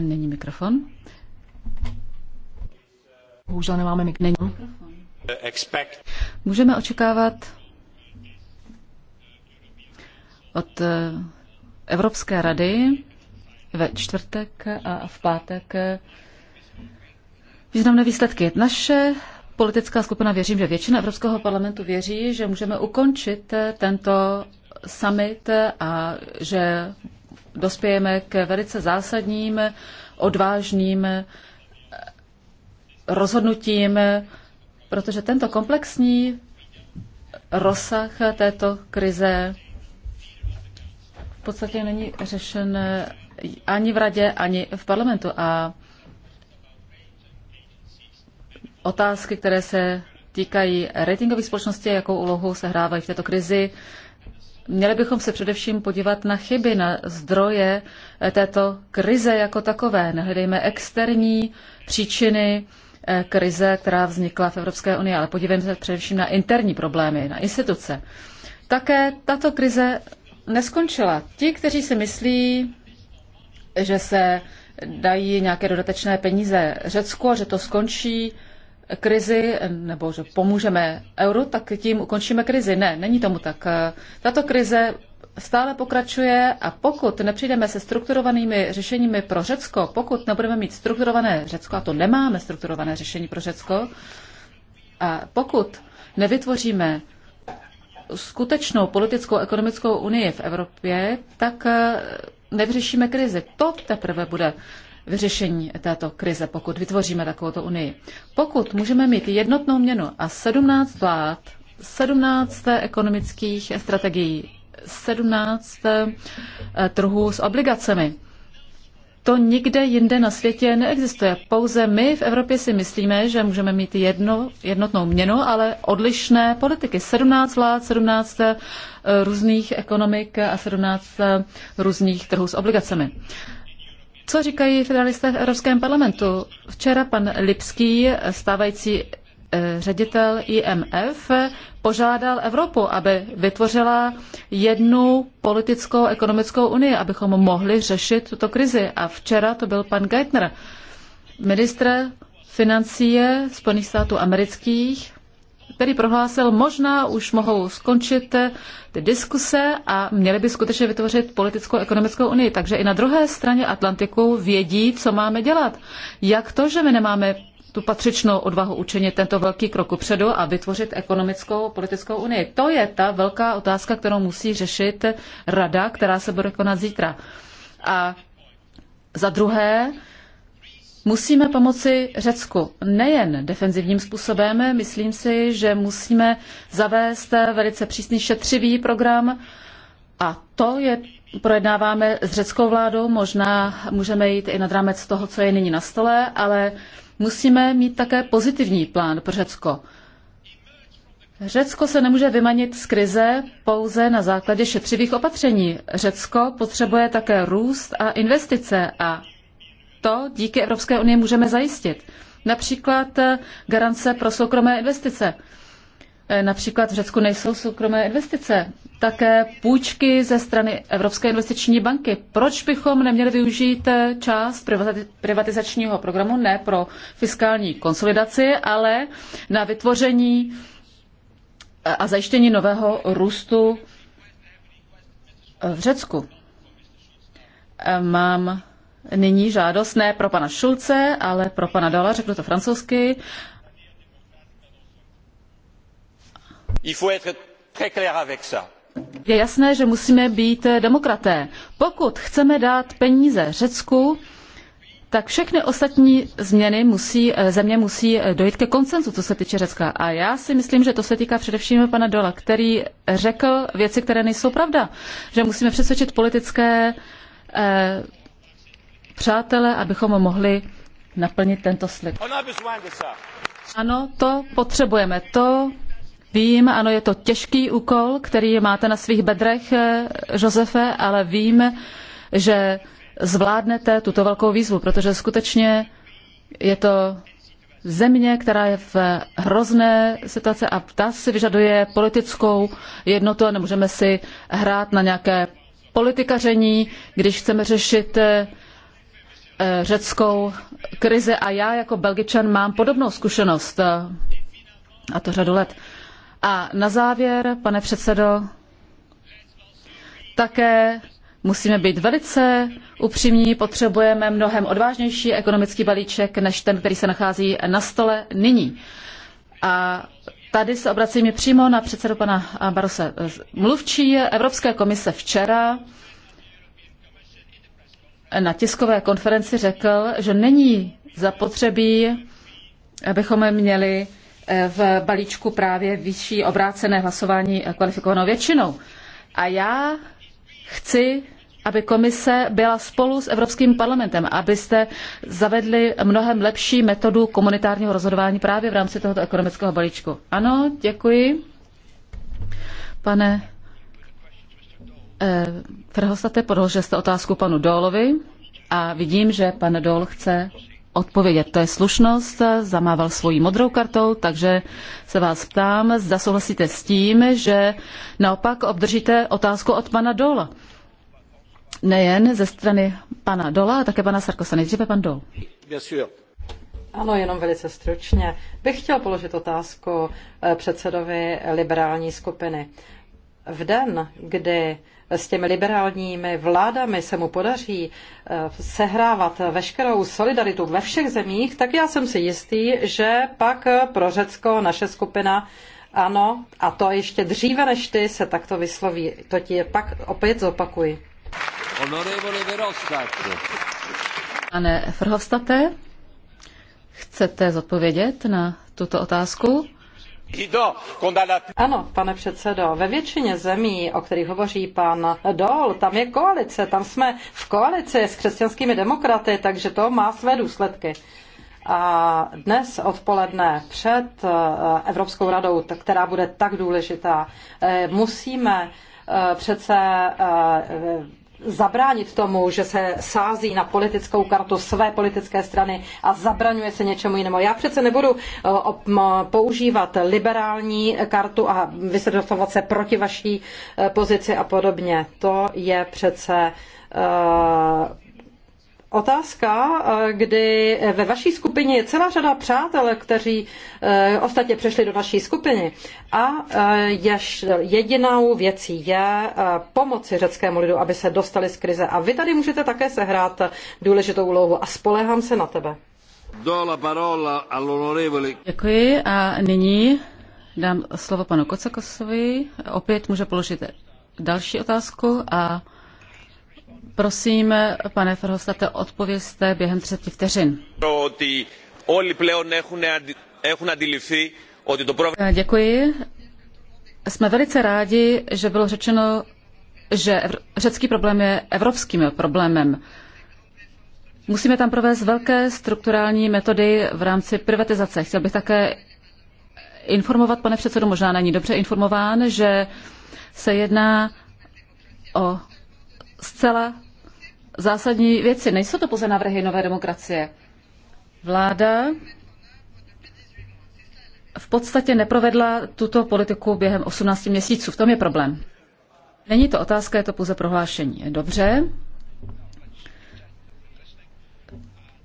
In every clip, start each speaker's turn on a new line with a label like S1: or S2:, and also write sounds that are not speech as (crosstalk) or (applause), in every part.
S1: Není mikrofon. Bohužel nemáme mikrofon. Můžeme očekávat od eh, Evropské rady ve čtvrtek a v pátek eh, významné výsledky. Naše politická skupina věřím, že většina Evropského parlamentu věří, že můžeme ukončit eh, tento summit a že dospějeme k velice zásadním, odvážným rozhodnutím, protože tento komplexní rozsah této krize v podstatě není řešen ani v radě, ani v parlamentu. A otázky, které se týkají ratingových společností, jakou úlohu se hrávají v této krizi, Měli bychom se především podívat na chyby, na zdroje eh, této krize jako takové. Nehledejme externí příčiny eh, krize, která vznikla v Evropské unii, ale podívejme se především na interní problémy, na instituce. Také tato krize neskončila. Ti, kteří si myslí, že se dají nějaké dodatečné peníze Řecku a že to skončí krizi nebo že pomůžeme euru, tak tím ukončíme krizi. Ne, není tomu tak. Tato krize stále pokračuje a pokud nepřijdeme se strukturovanými řešeními pro Řecko, pokud nebudeme mít strukturované Řecko, a to nemáme strukturované řešení pro Řecko, a pokud nevytvoříme skutečnou politickou ekonomickou unii v Evropě, tak eh, nevyřešíme krizi. To teprve bude vyřešení této krize, pokud vytvoříme takovouto unii. Pokud můžeme mít jednotnou měnu a 17 vlád, 17 ekonomických strategií, 17 eh, trhů s obligacemi, to nikde jinde na světě neexistuje. Pouze my v Evropě si myslíme, že můžeme mít jedno, jednotnou měnu, ale odlišné politiky. 17 vlád, 17 eh, různých ekonomik a 17 eh, různých trhů s obligacemi. Co říkají federalisté v Evropském parlamentu? Včera pan Lipský, stávající eh, ředitel IMF, požádal Evropu, aby vytvořila jednu politickou ekonomickou unii, abychom mohli řešit tuto krizi. A včera to byl pan Geithner, ministr financí Spojených států amerických, který prohlásil, možná už mohou skončit eh, ty diskuse a měli by skutečně vytvořit politickou ekonomickou unii. Takže i na druhé straně Atlantiku vědí, co máme dělat. Jak to, že my nemáme tu patřičnou odvahu učinit tento velký krok upředu a vytvořit ekonomickou politickou unii. To je ta velká otázka, kterou musí řešit rada, která se bude konat zítra. A za druhé, Musíme pomoci Řecku nejen defenzivním způsobem, myslím si, že musíme zavést velice přísný šetřivý program a to je projednáváme s řeckou vládou, možná můžeme jít i nad rámec toho, co je nyní na stole, ale musíme mít také pozitivní plán pro Řecko. Řecko se nemůže vymanit z krize pouze na základě šetřivých opatření. Řecko potřebuje také růst a investice a to díky Evropské unii můžeme zajistit. Například eh, garance pro soukromé investice. Eh, například v Řecku nejsou soukromé investice. Také půjčky ze strany Evropské investiční banky. Proč bychom neměli využít eh, část privatizačního programu ne pro fiskální konsolidaci, ale na vytvoření a zajištění nového růstu v Řecku? Mám nyní žádost ne pro pana Šulce, ale pro pana Dala, řeknu to francouzsky. Je jasné, že musíme být demokraté. Pokud chceme dát peníze Řecku, tak všechny ostatní změny musí, země musí dojít ke koncenzu, co se týče Řecka. A já si myslím, že to se týká především pana Dola, který řekl věci, které nejsou pravda. Že musíme přesvědčit politické eh, přátelé, abychom mohli naplnit tento slib. Ano, to potřebujeme, to vím, ano, je to těžký úkol, který máte na svých bedrech, eh, Josefe, ale vím, že zvládnete tuto velkou výzvu, protože skutečně je to země, která je v hrozné situaci a ta si vyžaduje politickou jednotu a nemůžeme si hrát na nějaké politikaření, když chceme řešit eh, Eh, řeckou krizi a já jako belgičan mám podobnou zkušenost, eh, a to řadu let. A na závěr, pane předsedo, také musíme být velice upřímní, potřebujeme mnohem odvážnější ekonomický balíček než ten, který se nachází na stole nyní. A tady se obracím přímo na předsedu pana Barose. Mluvčí Evropské komise včera na tiskové konferenci řekl, že není zapotřebí, abychom měli eh, v balíčku právě vyšší obrácené hlasování kvalifikovanou většinou. A já chci, aby komise byla spolu s Evropským parlamentem, abyste zavedli mnohem lepší metodu komunitárního rozhodování právě v rámci tohoto ekonomického balíčku. Ano, děkuji. Pane Eh, Frhostate, podložil jste otázku panu Dólovi a vidím, že pan Dól chce odpovědět. To je slušnost, zamával svojí modrou kartou, takže se vás ptám, zda souhlasíte s tím, že naopak obdržíte otázku od pana Dola. Nejen ze strany pana Dola, ale také pana Sarkosa. Nejdříve pan Dol.
S2: Ano, jenom velice stručně. Bych chtěl položit otázku eh, předsedovi liberální skupiny v den, kdy s těmi liberálními vládami se mu podaří eh, sehrávat veškerou solidaritu ve všech zemích, tak já jsem si jistý, že pak pro Řecko naše skupina ano, a to ještě dříve než ty se takto vysloví. To ti je pak opět zopakuji. Pane Verhofstadte,
S1: chcete zodpovědět na tuto otázku?
S2: No, ano, pane předsedo, ve většině zemí, o kterých hovoří pan Dol, tam je koalice, tam jsme v koalici s křesťanskými demokraty, takže to má své důsledky. A dnes odpoledne před eh, Evropskou radou, která bude tak důležitá, eh, musíme eh, přece zabránit tomu, že se sází na politickou kartu své politické strany a zabraňuje se něčemu jinému. Já přece nebudu eh, používat liberální kartu a vysvětlovat se proti vaší eh, pozici a podobně. To je přece eh, otázka, eh, kdy eh, ve vaší skupině je celá řada přátel, kteří eh, ostatně přešli do naší skupiny. A jež jedinou věcí je pomoci řeckému lidu, aby se dostali z krize. A vy tady můžete také sehrát důležitou úlohu a spolehám se na tebe. Děkuji a nyní
S1: dám slovo panu Kocakosovi. Opět může položit další otázku a Prosím, pane Verhofstadte, odpovězte během 30 vteřin. Eh, děkuji. Jsme velice rádi, že bylo řečeno, že řecký problém je evropským problémem. Musíme tam provést velké strukturální metody v rámci privatizace. Chtěl bych také informovat, pane předsedo, možná není dobře informován, že se jedná o zcela zásadní věci. Nejsou to pouze návrhy nové demokracie. Vláda v podstatě neprovedla tuto politiku během 18 měsíců. V tom je problém. Není to otázka, je to pouze prohlášení. Dobře.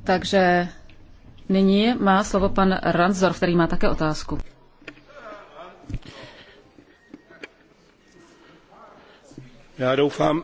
S1: Takže nyní má slovo pan Ranzor, který má také otázku.
S3: Já doufám,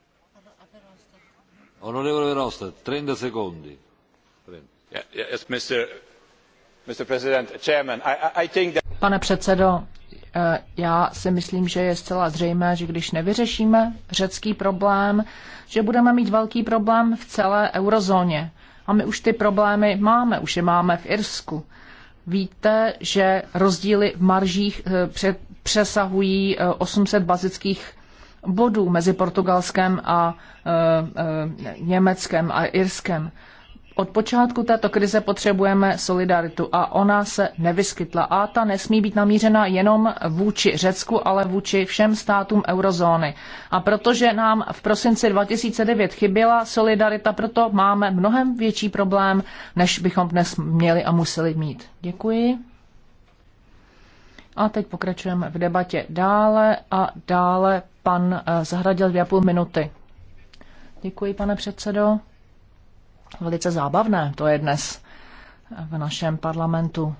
S4: Pane
S3: předsedo, eh, já si myslím, že je zcela zřejmé, že když nevyřešíme řecký problém, že budeme mít velký problém v celé eurozóně. A my už ty problémy máme, už je máme v Irsku. Víte, že rozdíly v maržích eh, přesahují 800 eh, bazických bodů mezi Portugalskem a e, e, Německem a Irskem. Od počátku této krize potřebujeme solidaritu a ona se nevyskytla. A ta nesmí být namířena jenom vůči Řecku, ale vůči všem státům eurozóny. A protože nám v prosinci 2009 chyběla solidarita, proto máme mnohem větší problém, než bychom dnes měli a museli mít. Děkuji. A teď pokračujeme v debatě dále a dále pan eh, Zahradil dvě a půl minuty. Děkuji, pane předsedo. Velice zábavné to je dnes v našem parlamentu.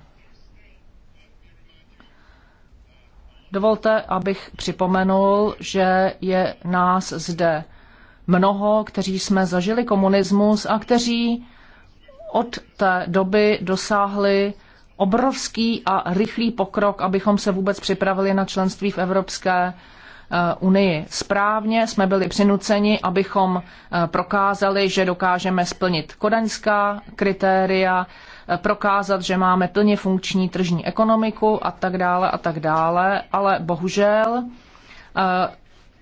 S3: Dovolte, abych připomenul, že je nás zde mnoho, kteří jsme zažili komunismus a kteří od té doby dosáhli obrovský a rychlý pokrok, abychom se vůbec připravili na členství v Evropské eh, unii. Správně jsme byli přinuceni, abychom eh, prokázali, že dokážeme splnit kodaňská kritéria, eh, prokázat, že máme plně funkční tržní ekonomiku a tak dále a tak dále, ale bohužel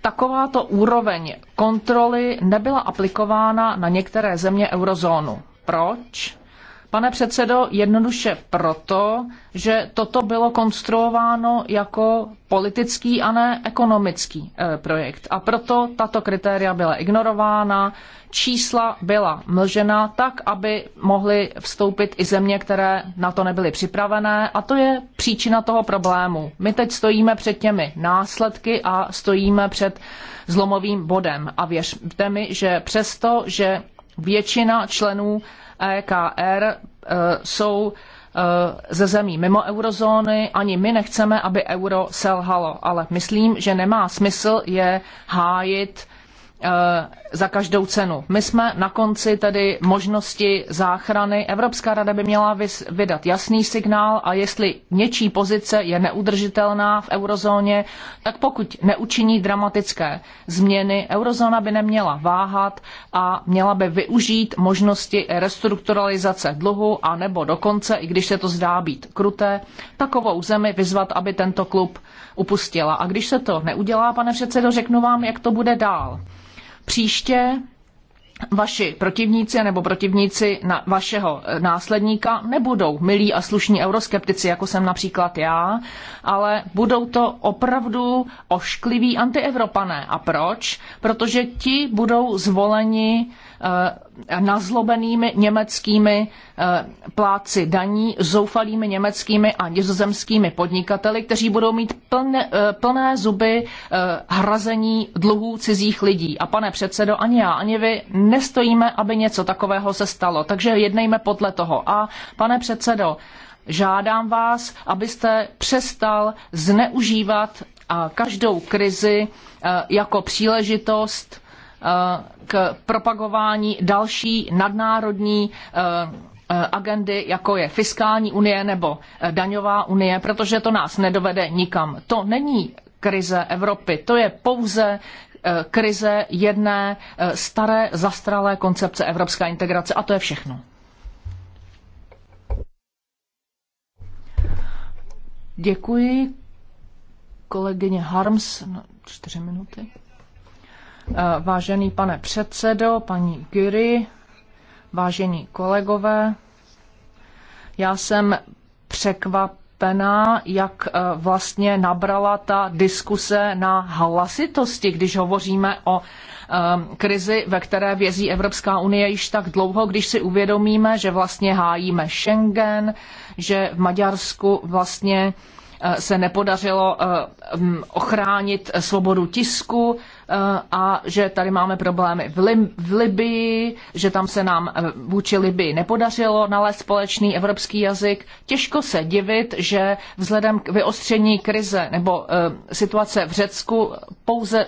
S3: takováto úroveň kontroly nebyla aplikována na některé země eurozónu. Proč? Pane předsedo, jednoduše proto, že toto bylo konstruováno jako politický a ne ekonomický eh, projekt. A proto tato kritéria byla ignorována, čísla byla mlžena tak, aby mohly vstoupit i země, které na to nebyly připravené. A to je příčina toho problému. My teď stojíme před těmi následky a stojíme před zlomovým bodem. A věřte mi, že přesto, že Většina členů EKR e, jsou e, ze zemí mimo eurozóny. Ani my nechceme, aby euro selhalo, ale myslím, že nemá smysl je hájit Eh, za každou cenu. My jsme na konci tedy možnosti záchrany. Evropská rada by měla vydat jasný signál a jestli něčí pozice je neudržitelná v eurozóně, tak pokud neučiní dramatické změny, eurozóna by neměla váhat a měla by využít možnosti restrukturalizace dluhu a nebo dokonce, i když se to zdá být kruté, takovou zemi vyzvat, aby tento klub upustila. A když se to neudělá, pane předsedo, řeknu vám, jak to bude dál. Příště vaši protivníci nebo protivníci na vašeho eh, následníka nebudou milí a slušní euroskeptici, jako jsem například já, ale budou to opravdu oškliví antievropané. A proč? Protože ti budou zvoleni Eh, nazlobenými německými eh, pláci daní, zoufalými německými a nizozemskými podnikateli, kteří budou mít plné, eh, plné zuby hrazení dluhů cizích lidí. A pane předsedo, ani já, ani vy nestojíme, aby něco takového se stalo. Takže jednejme podle toho. A pane předsedo, žádám vás, abyste přestal zneužívat každou krizi jako příležitost Eh, k propagování další nadnárodní eh, eh, agendy, jako je fiskální unie nebo daňová unie, protože to nás nedovede nikam. To není krize Evropy, to je pouze krize jedné staré, zastralé koncepce evropské integrace a to je všechno. Děkuji. Kolegyně Harms, na no, čtyři minuty. Eh, vážený pane předsedo, paní Gyri, vážení kolegové, já jsem překvapená, jak eh, vlastně nabrala ta diskuse na hlasitosti, když hovoříme o eh, krizi, ve které vězí Evropská unie již tak dlouho, když si uvědomíme, že vlastně hájíme Schengen, že v Maďarsku vlastně se nepodařilo ochránit svobodu tisku, Eh, a že tady máme problémy v, Lim- v Libii, že tam se nám eh, vůči Libii nepodařilo nalézt společný evropský jazyk. Těžko se divit, že vzhledem k vyostření krize nebo eh, situace v Řecku pouze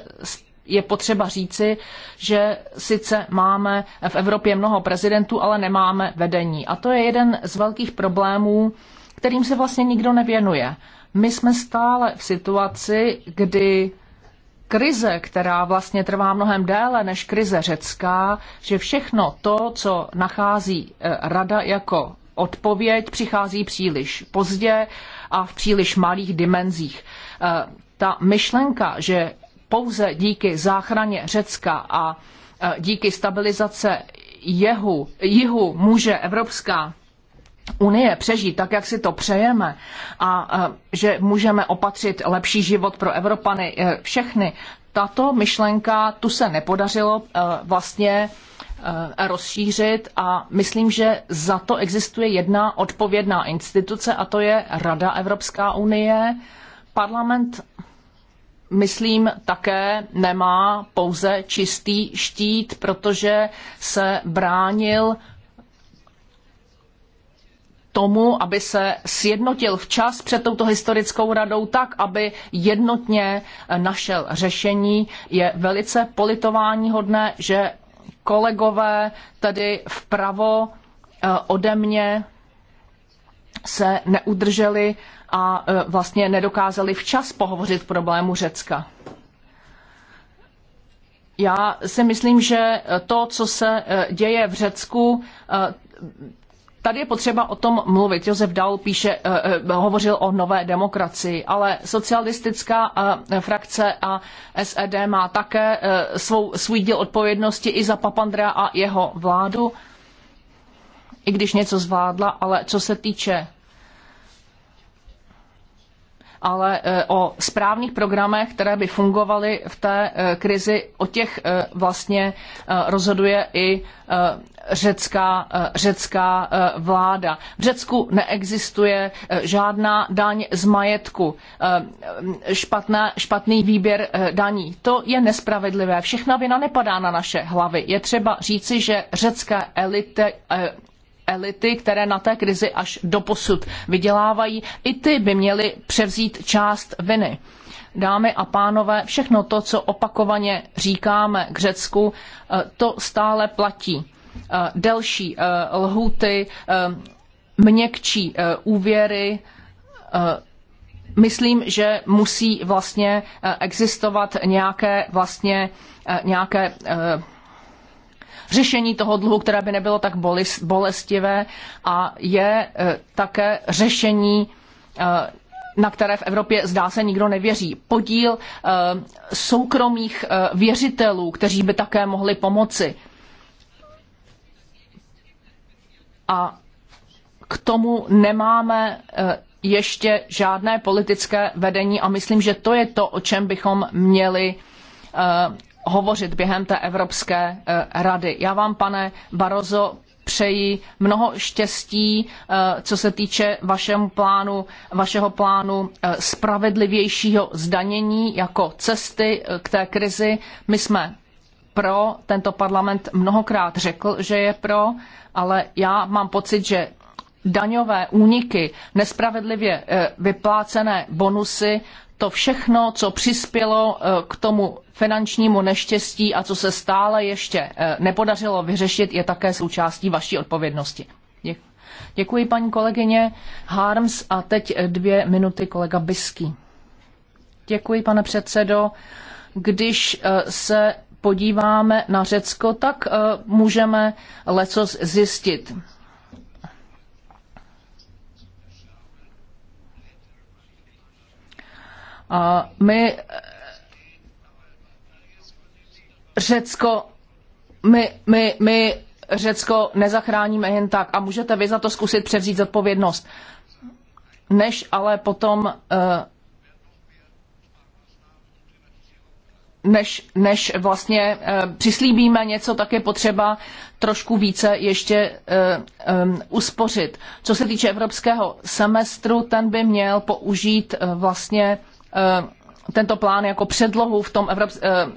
S3: je potřeba říci, že sice máme v Evropě mnoho prezidentů, ale nemáme vedení. A to je jeden z velkých problémů, kterým se vlastně nikdo nevěnuje. My jsme stále v situaci, kdy krize, která vlastně trvá mnohem déle než krize řecká, že všechno to, co nachází eh, rada jako odpověď, přichází příliš pozdě a v příliš malých dimenzích. Eh, ta myšlenka, že pouze díky záchraně Řecka a eh, díky stabilizace jehu, jihu může Evropská Unie přežít tak, jak si to přejeme a e, že můžeme opatřit lepší život pro Evropany e, všechny, tato myšlenka tu se nepodařilo e, vlastně rozšířit a myslím, že za to existuje jedna odpovědná instituce a to je Rada Evropská unie. Parlament myslím, také nemá pouze čistý štít, protože se bránil tomu, aby se sjednotil včas před touto historickou radou tak, aby jednotně eh, našel řešení. Je velice politováníhodné, že kolegové tedy vpravo eh, ode mě se neudrželi a eh, vlastně nedokázali včas pohovořit problému Řecka. Já si myslím, že to, co se děje v Řecku, Tady je potřeba o tom mluvit. Josef Dal píše, eh, eh, hovořil o nové demokracii, ale socialistická eh, frakce a SED má také svou, svůj díl odpovědnosti i za Papandrea a jeho vládu, i když něco zvládla, ale co se týče ale eh, o správných programech, které by fungovaly v té eh, krizi, o těch eh, vlastně rozhoduje i řecká, řecká vláda. V Řecku neexistuje žádná daň z majetku, špatná, špatný výběr daní. To je nespravedlivé. Všechna vina nepadá na naše hlavy. Je třeba říci, že řecké elity, elity, které na té krizi až doposud vydělávají, i ty by měly převzít část viny. Dámy a pánové, všechno to, co opakovaně říkáme k Řecku, eh, to stále platí. Eh, delší eh, lhuty, měkčí úvěry, myslím, že musí vlastně existovat nějaké vlastně nějaké řešení toho dluhu, které by nebylo tak bolestivé a je e, také řešení e, na které v Evropě zdá se nikdo nevěří. Podíl e, soukromých věřitelů, kteří by také mohli pomoci. A k tomu nemáme ještě žádné politické vedení a myslím, že to je to, o čem bychom měli hovořit během té Evropské eh, rady. Já vám, pane Barozo, přeji mnoho štěstí, eh, co se týče vašemu plánu, vašeho plánu eh, spravedlivějšího zdanění jako cesty k té krizi. My jsme pro, tento parlament mnohokrát řekl, že je pro, ale já mám pocit, že daňové úniky, nespravedlivě vyplácené bonusy, to všechno, co přispělo k tomu finančnímu neštěstí a co se stále ještě eh, nepodařilo vyřešit, je také součástí vaší odpovědnosti. Děkuji. paní kolegyně Harms a teď eh, dvě minuty kolega Bisky. Děkuji, pane předsedo. Když eh, se podíváme na Řecko, tak můžeme leco zjistit. A my Řecko, my, my, my Řecko nezachráníme jen tak a můžete vy za to zkusit převzít zodpovědnost. Než ale potom eh, než, než vlastně eh, přislíbíme něco, tak je potřeba trošku více ještě eh, uspořit. Co se týče evropského semestru, ten by měl použít vlastně tento plán jako předlohu v tom Evrops-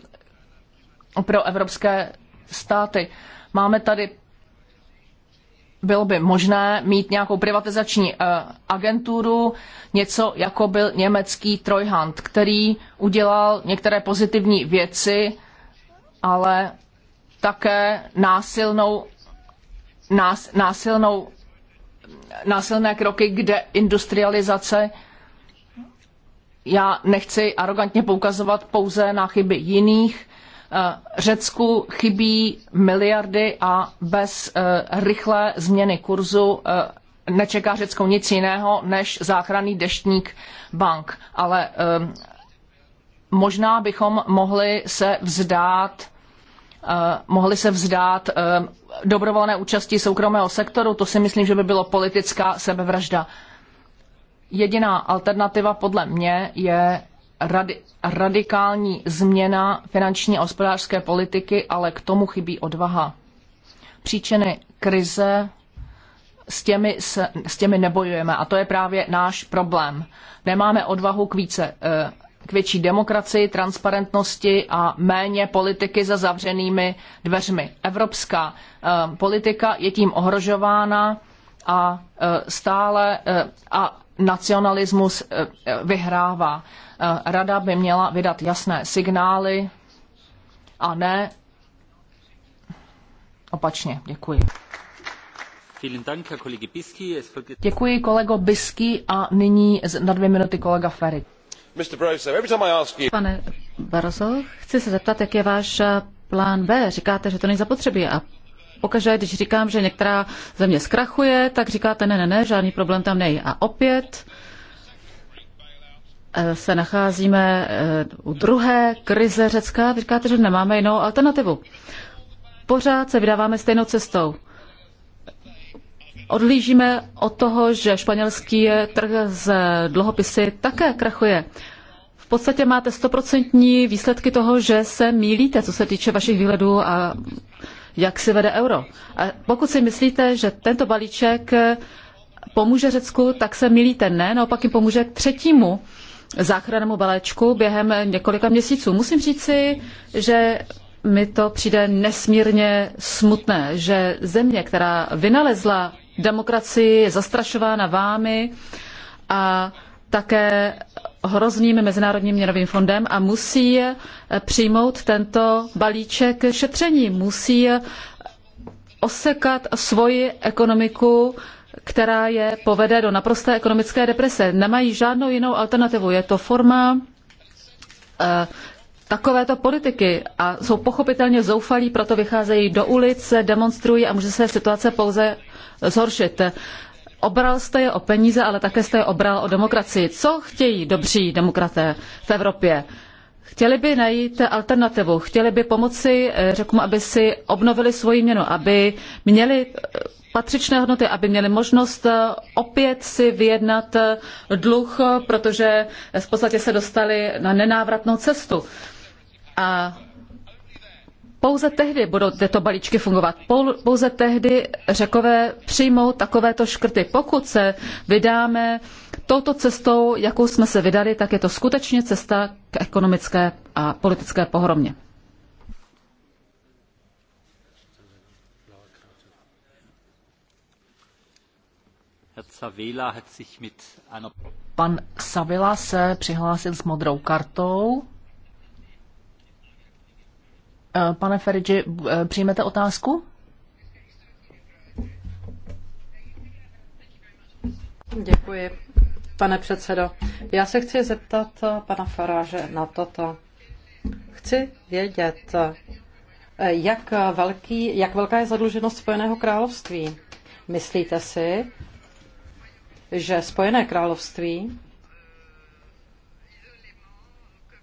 S3: pro evropské státy. Máme tady bylo by možné mít nějakou privatizační uh, agenturu, něco jako byl německý Trojhand, který udělal některé pozitivní věci, ale také násilnou, nás, násilnou, násilné kroky, kde industrializace. Já nechci arrogantně poukazovat pouze na chyby jiných, Eh, Řecku chybí miliardy a bez eh, rychlé změny kurzu eh, nečeká Řecko nic jiného než záchranný deštník bank. Ale možná bychom mohli se vzdát mohli se vzdát dobrovolné účasti soukromého sektoru, to si myslím, že by bylo politická sebevražda. Jediná alternativa podle mě je radi, radikální změna finanční a hospodářské politiky, ale k tomu chybí odvaha. Příčiny krize s těmi, s, s těmi nebojujeme a to je právě náš problém. Nemáme odvahu k více eh, k větší demokracii, transparentnosti a méně politiky za zavřenými dveřmi. Evropská eh, politika je tím ohrožována a eh, stále a nacionalismus vyhrává. Eh, rada by měla vydat jasné signály a ne opačně. Děkuji. Děkuji kolego Bisky a nyní na dvě minuty kolega Ferry. Pane Barroso, chci se zeptat, jak je váš eh,
S1: plán B. Říkáte, že to není zapotřebí a pokaždé, když říkám, že některá země zkrachuje, tak říkáte ne, ne, ne, žádný problém tam není. A opět Eh, se nacházíme eh, u druhé krize Řecka. Vy říkáte, že nemáme jinou alternativu. Pořád se vydáváme stejnou cestou. Odlížíme od toho, že španělský trh z dluhopisy také krachuje. V podstatě máte stoprocentní výsledky toho, že se mílíte, co se týče vašich výhledů a jak si vede euro. A pokud si myslíte, že tento balíček pomůže Řecku, tak se milíte. Ne, naopak jim pomůže třetímu záchrannému balečku během několika měsíců. Musím říci, že mi to přijde nesmírně smutné, že země, která vynalezla demokracii, je zastrašována vámi a také hrozným Mezinárodním měnovým fondem a musí přijmout tento balíček šetření. Musí osekat svoji ekonomiku která je povede do naprosté ekonomické deprese. Nemají žádnou jinou alternativu. Je to forma eh, takovéto politiky a jsou pochopitelně zoufalí, proto vycházejí do ulic, demonstrují a může se situace pouze zhoršit. Obral jste je o peníze, ale také jste je obral o demokracii. Co chtějí dobří demokraté v Evropě? Chtěli by najít alternativu, chtěli by pomoci, eh, řeknu, aby si obnovili svoji měnu, aby měli eh, patřičné hodnoty, aby měli možnost eh, opět si vyjednat eh, dluh, protože v podstatě se dostali na nenávratnou cestu. A pouze tehdy budou tyto balíčky fungovat. Pouze tehdy řekové přijmou takovéto škrty. Pokud se vydáme touto cestou, jakou jsme se vydali, tak je to skutečně cesta k ekonomické a politické pohromě.
S3: Pan Savila se přihlásil s modrou kartou. Eh, pane Ferigi, eh, přijmete otázku?
S2: Děkuji, pane předsedo. Já se chci zeptat eh, pana Faráže na toto. Chci vědět, jak, velký, jak velká je zadluženost Spojeného království. Myslíte si, že Spojené království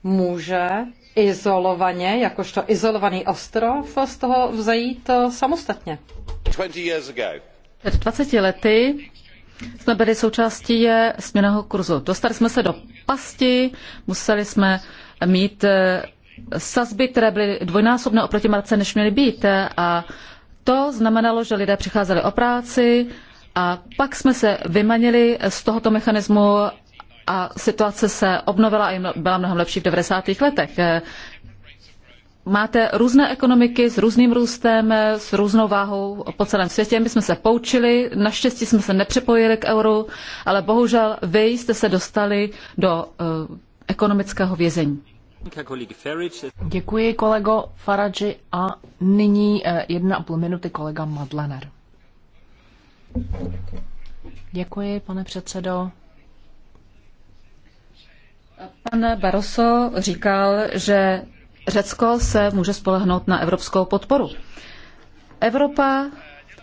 S2: může izolovaně, jakožto izolovaný ostrov, z toho vzejít eh, samostatně. Před 20
S1: lety jsme byli součástí eh, směného kurzu. Dostali jsme se do pasti, museli jsme mít eh, sazby, které byly dvojnásobné oproti marce, než měly být. A to znamenalo, že lidé přicházeli o práci, a pak jsme se vymanili z tohoto mechanismu a situace se obnovila a byla mnohem lepší v 90. letech. Máte různé ekonomiky s různým růstem, s různou váhou po celém světě. My jsme se poučili, naštěstí jsme se nepřepojili k euru, ale bohužel vy jste se dostali do uh,
S3: ekonomického vězení. Děkuji kolego Faradži a nyní eh, jedna a půl minuty kolega Madlener. Děkuji, pane předsedo.
S1: Pan Barroso říkal, že Řecko se může spolehnout na evropskou podporu. Evropa,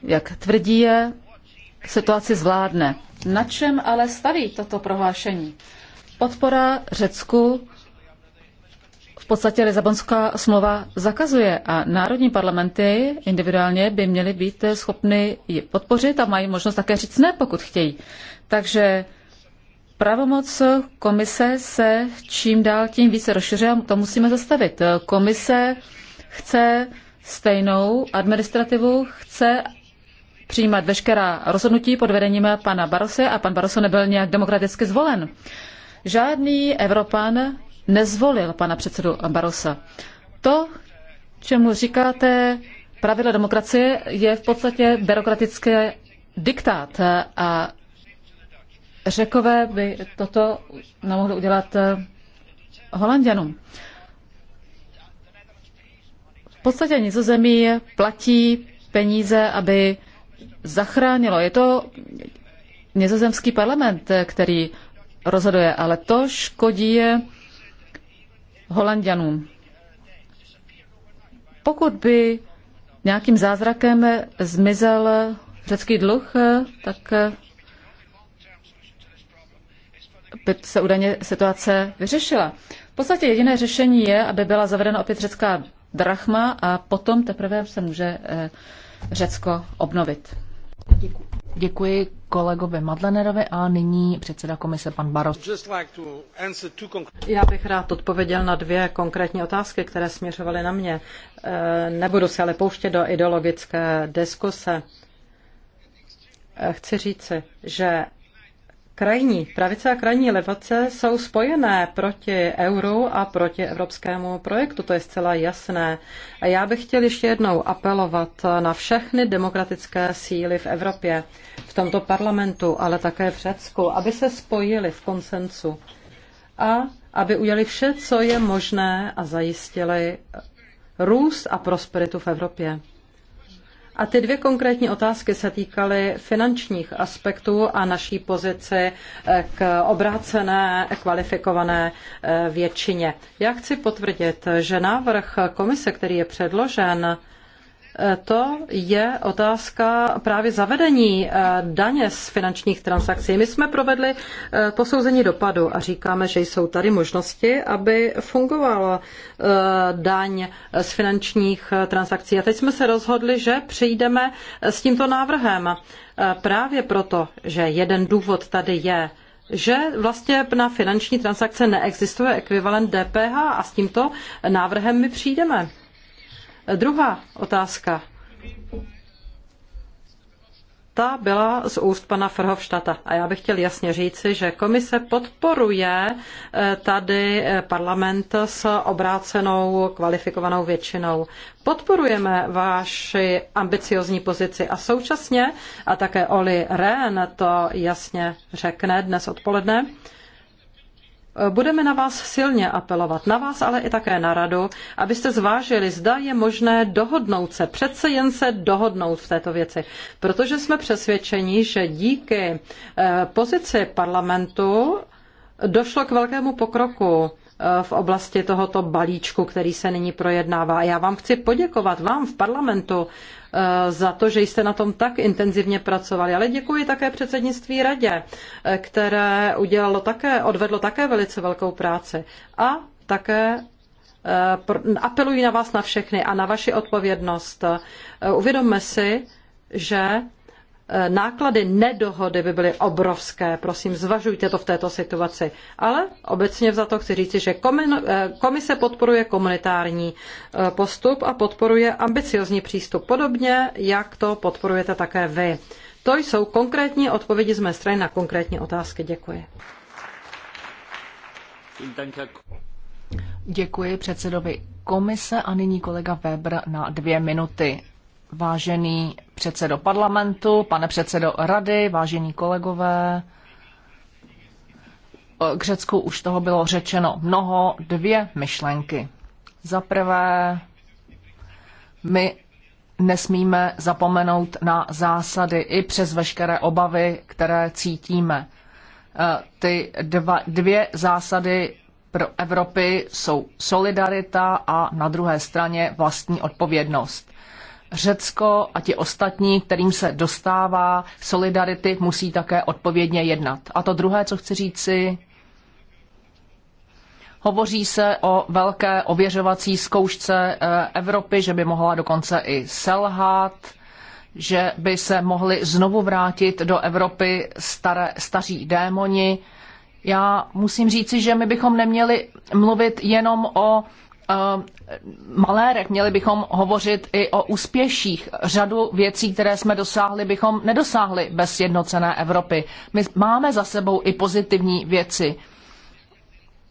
S1: jak tvrdí je, situaci zvládne. Na čem ale staví toto prohlášení? Podpora Řecku podstatě Lisabonská smlouva zakazuje a národní parlamenty individuálně by měly být schopny ji podpořit a mají možnost také říct ne, pokud chtějí. Takže pravomoc komise se čím dál tím více rozšiřuje a to musíme zastavit. Komise chce stejnou administrativu, chce přijímat veškerá rozhodnutí pod vedením pana Barose a pan Baroso nebyl nějak demokraticky zvolen. Žádný Evropan nezvolil pana předsedu Barosa. To, čemu říkáte pravidla demokracie, je v podstatě byrokratický diktát a Řekové by toto nemohli udělat eh, Holanděnům. V podstatě Nizozemí platí peníze, aby zachránilo. Je to nizozemský parlament, eh, který rozhoduje, ale to škodí eh, Holandianům. Pokud by nějakým zázrakem zmizel řecký dluh, tak by se údajně situace vyřešila. V podstatě jediné řešení je, aby byla zavedena opět řecká drachma a
S3: potom teprve se může eh, Řecko obnovit. Děkuji. Děkuji kolegovi Madlenerovi a nyní předseda komise pan Baros.
S2: Já bych rád odpověděl na dvě konkrétní otázky, které směřovaly na mě. Eh, nebudu se ale pouštět do ideologické diskuse. Eh, chci říci, že krajní pravice a krajní levice jsou spojené proti euru a proti evropskému projektu, to je zcela jasné. A já bych chtěl ještě jednou apelovat na všechny demokratické síly v Evropě, v tomto parlamentu, ale také v Řecku, aby se spojili v konsensu a aby udělali vše, co je možné a zajistili růst a prosperitu v Evropě. A ty dvě konkrétní otázky se týkaly finančních aspektů a naší pozici eh, k obrácené kvalifikované eh, většině. Já chci potvrdit, že návrh komise, který je předložen, to je otázka právě zavedení eh, daně z finančních transakcí. My jsme provedli eh, posouzení dopadu a říkáme, že jsou tady možnosti, aby fungovala eh, daň z finančních transakcí. A teď jsme se rozhodli, že přijdeme s tímto návrhem. Právě proto, že jeden důvod tady je, že vlastně na finanční transakce neexistuje ekvivalent DPH a s tímto návrhem my přijdeme. Druhá otázka. Ta byla z úst pana Frhovštata. A já bych chtěl jasně říci, že komise podporuje eh, tady eh, parlament s obrácenou kvalifikovanou většinou. Podporujeme vaši ambiciozní pozici a současně, a také Oli Rehn to jasně řekne dnes odpoledne, Budeme na vás silně apelovat, na vás ale i také na radu, abyste zvážili, zda je možné dohodnout se, přece jen se dohodnout v této věci, protože jsme přesvědčeni, že díky eh, pozici parlamentu došlo k velkému pokroku Eh, v oblasti tohoto balíčku, který se nyní projednává. Já vám chci poděkovat vám v parlamentu eh, za to, že jste na tom tak intenzivně pracovali. Ale děkuji také předsednictví radě, eh, které udělalo také, odvedlo také velice velkou práci. A také apeluji na vás na všechny a na vaši odpovědnost. Uvědomme si, že Eh, náklady nedohody by byly obrovské. Prosím, zvažujte to v této situaci. Ale obecně za to chci říci, že eh, komise podporuje komunitární eh, postup a podporuje ambiciozní přístup, podobně jak to podporujete také vy. To jsou konkrétní odpovědi z mé strany na konkrétní otázky. Děkuji. Děkuji předsedovi komise a nyní kolega Weber na
S3: dvě minuty. Vážený předsedo parlamentu, pane předsedo rady, vážení kolegové, k Řecku už toho bylo řečeno mnoho, dvě myšlenky. Za prvé, my nesmíme zapomenout na zásady i přes veškeré obavy, které cítíme. E, ty dva, dvě zásady pro Evropy jsou solidarita a na druhé straně vlastní odpovědnost. Řecko a ti ostatní, kterým se dostává solidarity, musí také odpovědně jednat. A to druhé, co chci říci, hovoří se o velké ověřovací zkoušce eh, Evropy, že by mohla dokonce i selhat že by se mohli znovu vrátit do Evropy staré, staří démoni. Já musím říci, že my bychom neměli mluvit jenom o Eh, malérek, měli bychom hovořit i o úspěších. Řadu věcí, které jsme dosáhli, bychom nedosáhli bez sjednocené Evropy. My máme za sebou i pozitivní věci.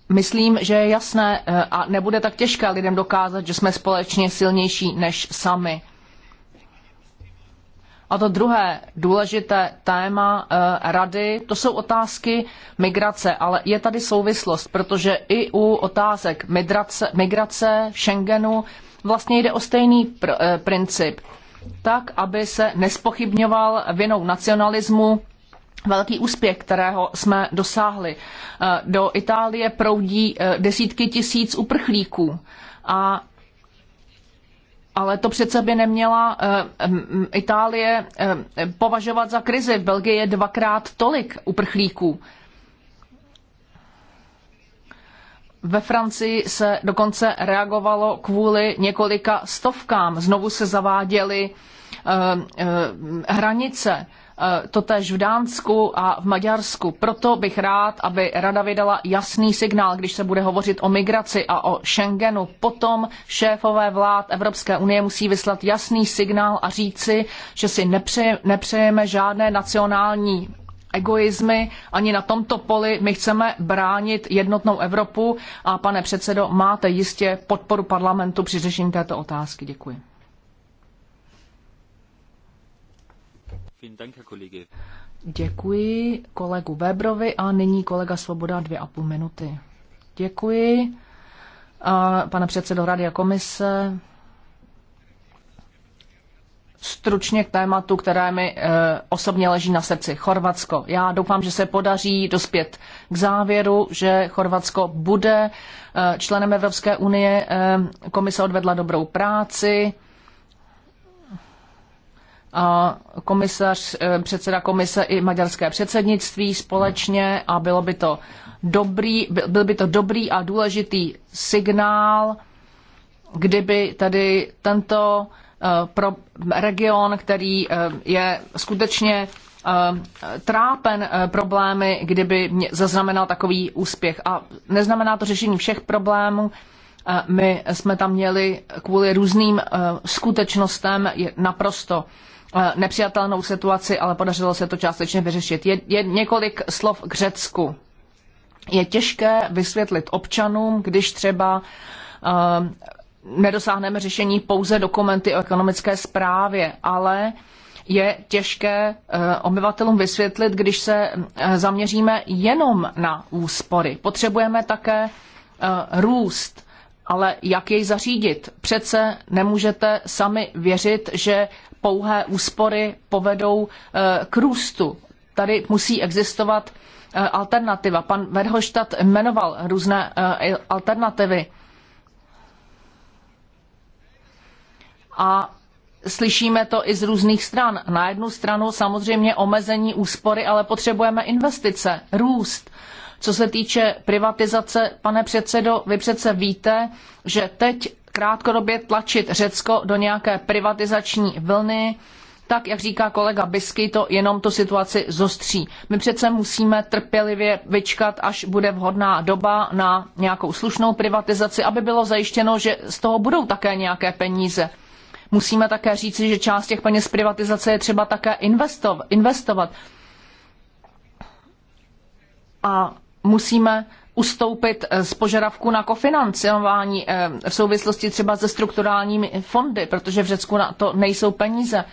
S3: Myslím, že je jasné eh, a nebude tak těžké lidem dokázat, že jsme společně silnější než sami. A to druhé důležité téma eh, rady, to jsou otázky migrace, ale je tady souvislost, protože i u otázek migrace, migrace Schengenu vlastně jde o stejný pr- eh, princip. Tak, aby se nespochybňoval vinou nacionalismu velký úspěch, kterého jsme dosáhli. Eh, do Itálie proudí desítky tisíc uprchlíků a ale to přece by neměla eh, Itálie eh, považovat za krizi. V Belgii je dvakrát tolik uprchlíků. Ve Francii se dokonce reagovalo kvůli několika stovkám. Znovu se zaváděly eh, hranice. Eh, totež v Dánsku a v Maďarsku. Proto bych rád, aby Rada vydala jasný signál, když se bude hovořit o migraci a o Schengenu. Potom šéfové vlád Evropské unie musí vyslat jasný signál a říci, že si nepřeje, nepřejeme žádné nacionální egoizmy. Ani na tomto poli my chceme bránit jednotnou Evropu a pane předsedo, máte jistě podporu parlamentu při řešení této otázky. Děkuji. Děkuji kolegu Webrovi a nyní kolega Svoboda dvě a půl minuty. Děkuji. A pane předsedo Rady a komise, stručně k tématu, které mi e, osobně leží na srdci. Chorvatsko. Já doufám, že se podaří dospět k závěru, že Chorvatsko bude e, členem Evropské unie. E, komise odvedla dobrou práci. E, a komisař, eh, předseda komise i maďarské předsednictví společně a bylo by to dobrý, byl by to dobrý a důležitý signál, kdyby tady tento eh, pro region, který eh, je skutečně trápen problémy, kdyby zaznamenal takový úspěch. A neznamená to řešení všech problémů. My jsme tam měli kvůli různým skutečnostem naprosto Eh, nepřijatelnou situaci, ale podařilo se to částečně vyřešit. Je, je několik slov k Řecku. Je těžké vysvětlit občanům, když třeba uh, nedosáhneme řešení pouze dokumenty o ekonomické zprávě, ale je těžké eh, obyvatelům vysvětlit, když se zaměříme jenom na úspory. Potřebujeme také růst, ale jak jej zařídit? Přece nemůžete sami věřit, že pouhé úspory povedou eh, k růstu. Tady musí existovat eh, alternativa. Pan Verhoštat jmenoval různé eh, alternativy. A slyšíme to i z různých stran. Na jednu stranu samozřejmě omezení úspory, ale potřebujeme investice, růst. Co se týče privatizace, pane předsedo, vy přece víte, že teď krátkodobě tlačit Řecko do nějaké privatizační vlny, tak jak říká kolega Bisky, to jenom tu situaci zostří. My přece musíme trpělivě vyčkat, až bude vhodná doba na nějakou slušnou privatizaci, aby bylo zajištěno, že z toho budou také nějaké peníze. Musíme také říci, že část těch peněz privatizace je třeba také investov, investovat. A musíme ustoupit eh, z požadavku na kofinancování eh, v souvislosti třeba se strukturálními fondy, protože v Řecku na to nejsou peníze.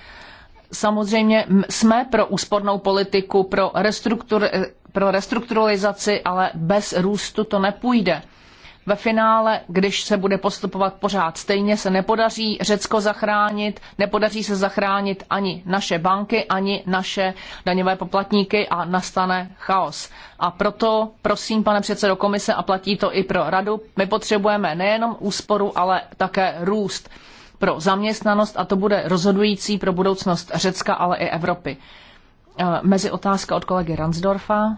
S3: Samozřejmě jsme pro úspornou politiku, pro, restruktur, eh, pro restrukturalizaci, ale bez růstu to nepůjde. Ve finále, když se bude postupovat pořád stejně, se nepodaří Řecko zachránit, nepodaří se zachránit ani naše banky, ani naše daňové poplatníky a nastane chaos. A proto prosím, pane předsedo komise, a platí to i pro radu, my potřebujeme nejenom úsporu, ale také růst pro zaměstnanost a to bude rozhodující pro budoucnost Řecka, ale i Evropy. E, mezi otázka od kolegy Ransdorfa.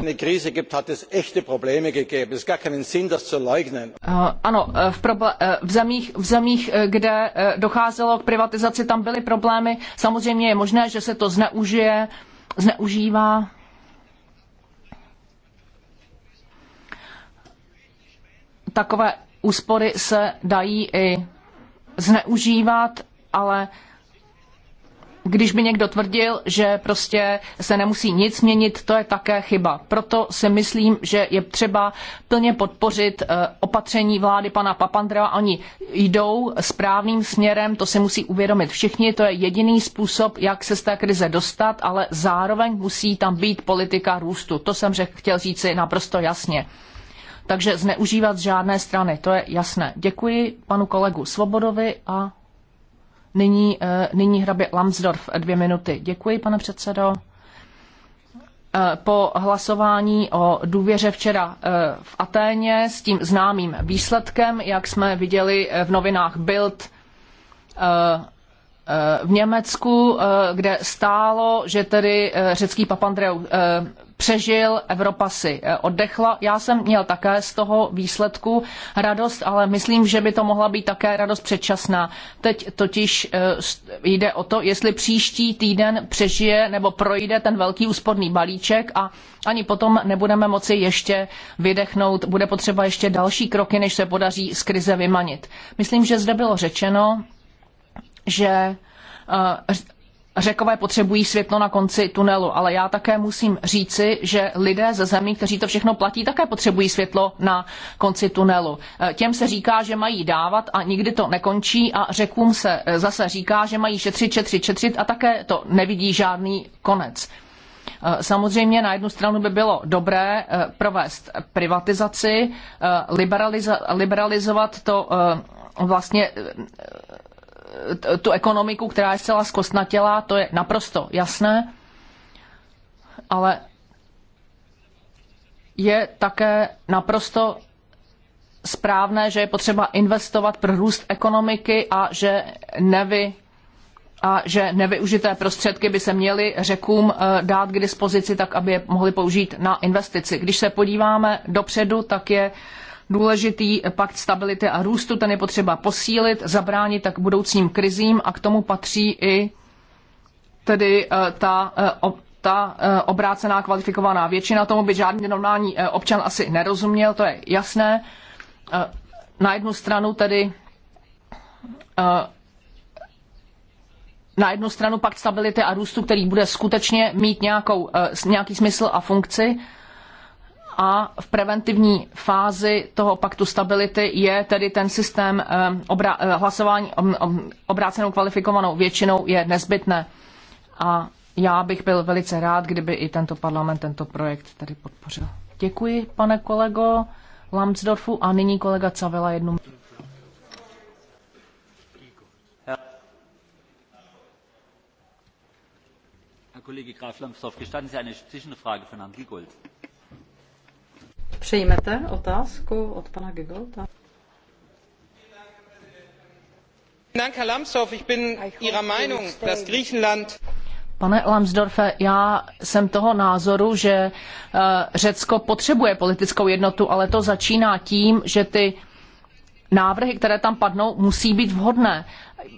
S4: eine Krise gibt, hat es echte Probleme gegeben. Es ist gar keinen Sinn, das zu leugnen.
S3: Eh, ano, eh, v, eh, v, zemích, v zemích, kde docházelo k privatizaci, tam byly problémy. Samozřejmě je možné, že se to zneužije, zneužívá. Takové úspory se dají i zneužívat, ale uh, když by někdo tvrdil, že prostě se nemusí nic měnit, to je také chyba. Proto si myslím, že je třeba plně podpořit eh, opatření vlády pana Papandrea. Oni jdou správným směrem, to si musí uvědomit všichni, to je jediný způsob, jak se z té krize dostat, ale zároveň musí tam být politika růstu. To jsem řekl, chtěl říci naprosto jasně. Takže zneužívat z žádné strany, to je jasné. Děkuji panu kolegu Svobodovi a Nyní, eh, nyní hrabě Lambsdorff dvě minuty. Děkuji, pane předsedo. Eh, po hlasování o důvěře včera eh, v Aténě s tím známým výsledkem, jak jsme viděli v novinách Bild, v Německu, kde stálo, že tedy řecký papandreou přežil, Evropa si eh, oddechla. Já jsem měl také z toho výsledku radost, ale myslím, že by to mohla být také radost předčasná. Teď totiž eh, jde o to, jestli příští týden přežije nebo projde ten velký úsporný balíček a ani potom nebudeme moci ještě vydechnout. Bude potřeba ještě další kroky, než se podaří z krize vymanit. Myslím, že zde bylo řečeno, že eh, Řekové potřebují světlo na konci tunelu, ale já také musím říci, že lidé ze zemí, kteří to všechno platí, také potřebují světlo na konci tunelu. Eh, těm se říká, že mají dávat a nikdy to nekončí a řekům se eh, zase říká, že mají šetřit, šetřit, šetřit a také to nevidí žádný konec. Eh, samozřejmě na jednu stranu by bylo dobré provést privatizaci, liberalizovat to vlastně tu ekonomiku, která je zcela zkostnatělá, to je naprosto jasné, ale je také naprosto správné, že je potřeba investovat pro růst ekonomiky a že nevy a že nevyužité prostředky by se měly řekům eh, dát k dispozici tak, aby je mohli použít na investici. Když se podíváme dopředu, tak je důležitý pakt stability a růstu, ten je potřeba posílit, zabránit tak budoucím krizím a k tomu patří i tedy eh, ta eh, ta eh, obrácená kvalifikovaná většina. Tomu by žádný normální občan asi nerozuměl, to je jasné. Na jednu stranu tedy na jednu stranu pakt stability a růstu, který bude skutečně mít nějakou, nějaký smysl a funkci, a v preventivní fázi toho paktu stability je tedy ten systém eh, obra- eh, hlasování obrácenou kvalifikovanou většinou je nezbytné. A já bych byl velice rád, kdyby i tento parlament tento projekt tady podpořil. Děkuji, pane kolego Lambsdorfu. A nyní kolega Cavela jednu.
S4: Herr Kollege Graf Lambsdorff, gestatten Sie eine Zwischenfrage von Herrn Giegold?
S2: Přejmete otázku od pana Gigolta? Herr Lambsdorff, ich bin Ihrer Meinung, dass Griechenland
S3: Pane Lambsdorfe, já jsem toho názoru, že eh, Řecko potřebuje politickou jednotu, ale to začíná tím, že ty návrhy, které tam padnou, musí být vhodné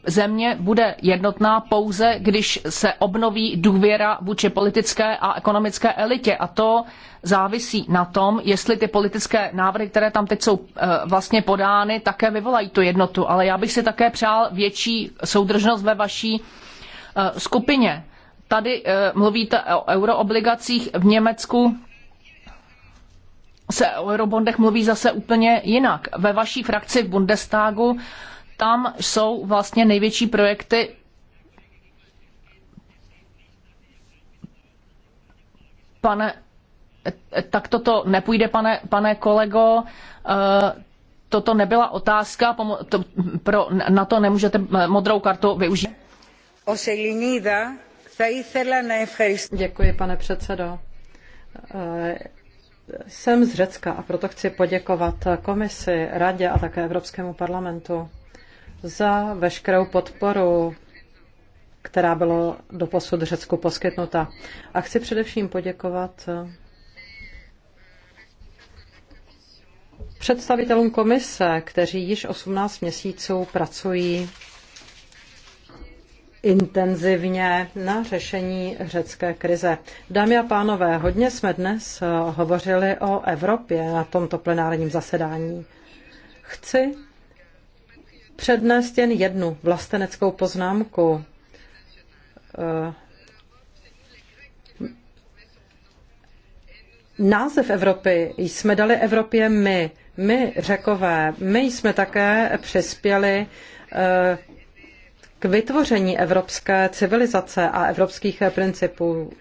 S3: země bude jednotná pouze, když se obnoví důvěra vůči politické a ekonomické elitě. A to závisí na tom, jestli ty politické návrhy, které tam teď jsou eh, vlastně podány, také vyvolají tu jednotu. Ale já bych si také přál větší soudržnost ve vaší eh, skupině. Tady eh, mluvíte o euroobligacích v Německu se o eurobondech mluví zase úplně jinak. Ve vaší frakci v Bundestagu tam jsou vlastně největší projekty pane, tak toto nepůjde, pane, pane kolego, eh, toto nebyla otázka, to, pro, na to nemůžete modrou
S2: kartu využít. Děkuji, pane předsedo. Eh, jsem z Řecka a proto chci poděkovat komisi, radě a také Evropskému parlamentu za veškerou podporu, která byla posud Řecku poskytnuta. A chci především poděkovat eh, představitelům komise, kteří již 18 měsíců pracují intenzivně na řešení řecké krize. Dámy a pánové, hodně jsme dnes eh, hovořili o Evropě na tomto plenárním zasedání. Chci přednést jen jednu vlasteneckou poznámku. Eh, název Evropy jsme dali Evropě my, my řekové. My jsme také přispěli eh, k vytvoření evropské civilizace a evropských principů.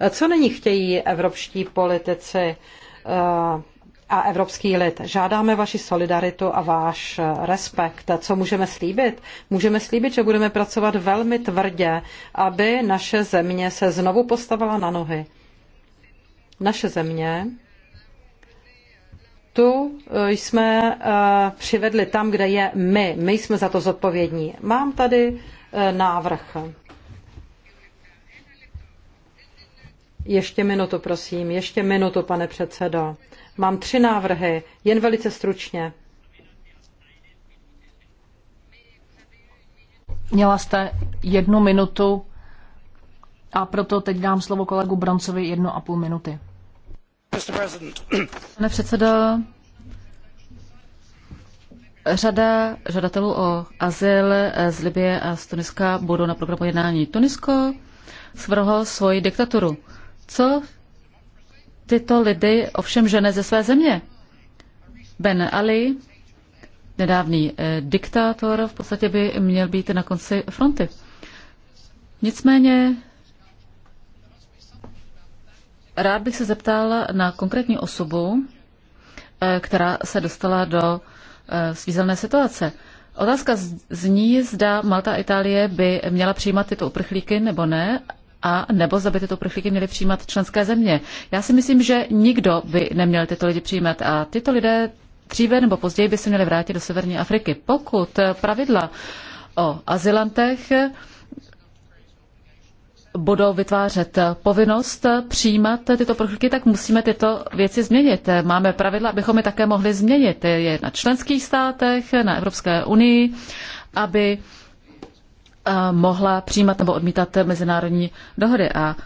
S2: Eh, co není chtějí evropští politici? a evropský lid. Žádáme vaši solidaritu a váš respekt. Co můžeme slíbit? Můžeme slíbit, že budeme pracovat velmi tvrdě, aby naše země se znovu postavila na nohy. Naše země, tu jsme eh, přivedli tam, kde je my. My jsme za to zodpovědní. Mám tady eh, návrh. Ještě minutu, prosím. Ještě minutu, pane předsedo. Mám tři návrhy, jen velice stručně. Měla
S3: jste jednu minutu a proto teď dám slovo kolegu Broncovi jedno a půl minuty. Pane předsedo,
S1: řada žadatelů o azyl z Libie a z Tuniska budou na programu jednání. Tunisko svrhlo svoji diktaturu. Co tyto lidi ovšem žene ze své země. Ben Ali, nedávný eh, diktátor, v podstatě by měl být na konci fronty. Nicméně rád bych se zeptal na konkrétní osobu, eh, která se dostala do eh, svízelné situace. Otázka zní, zda Malta a Itálie by měla přijímat tyto uprchlíky nebo ne a nebo zda by tyto prchlíky měly přijímat členské země. Já si myslím, že nikdo by neměl tyto lidi přijímat a tyto lidé dříve nebo později by se měli vrátit do severní Afriky. Pokud pravidla o azylantech budou vytvářet povinnost přijímat tyto prchlíky, tak musíme tyto věci změnit. Máme pravidla, abychom je také mohli změnit. Je na členských státech, na Evropské unii, aby mohla přijímat nebo odmítat mezinárodní dohody. A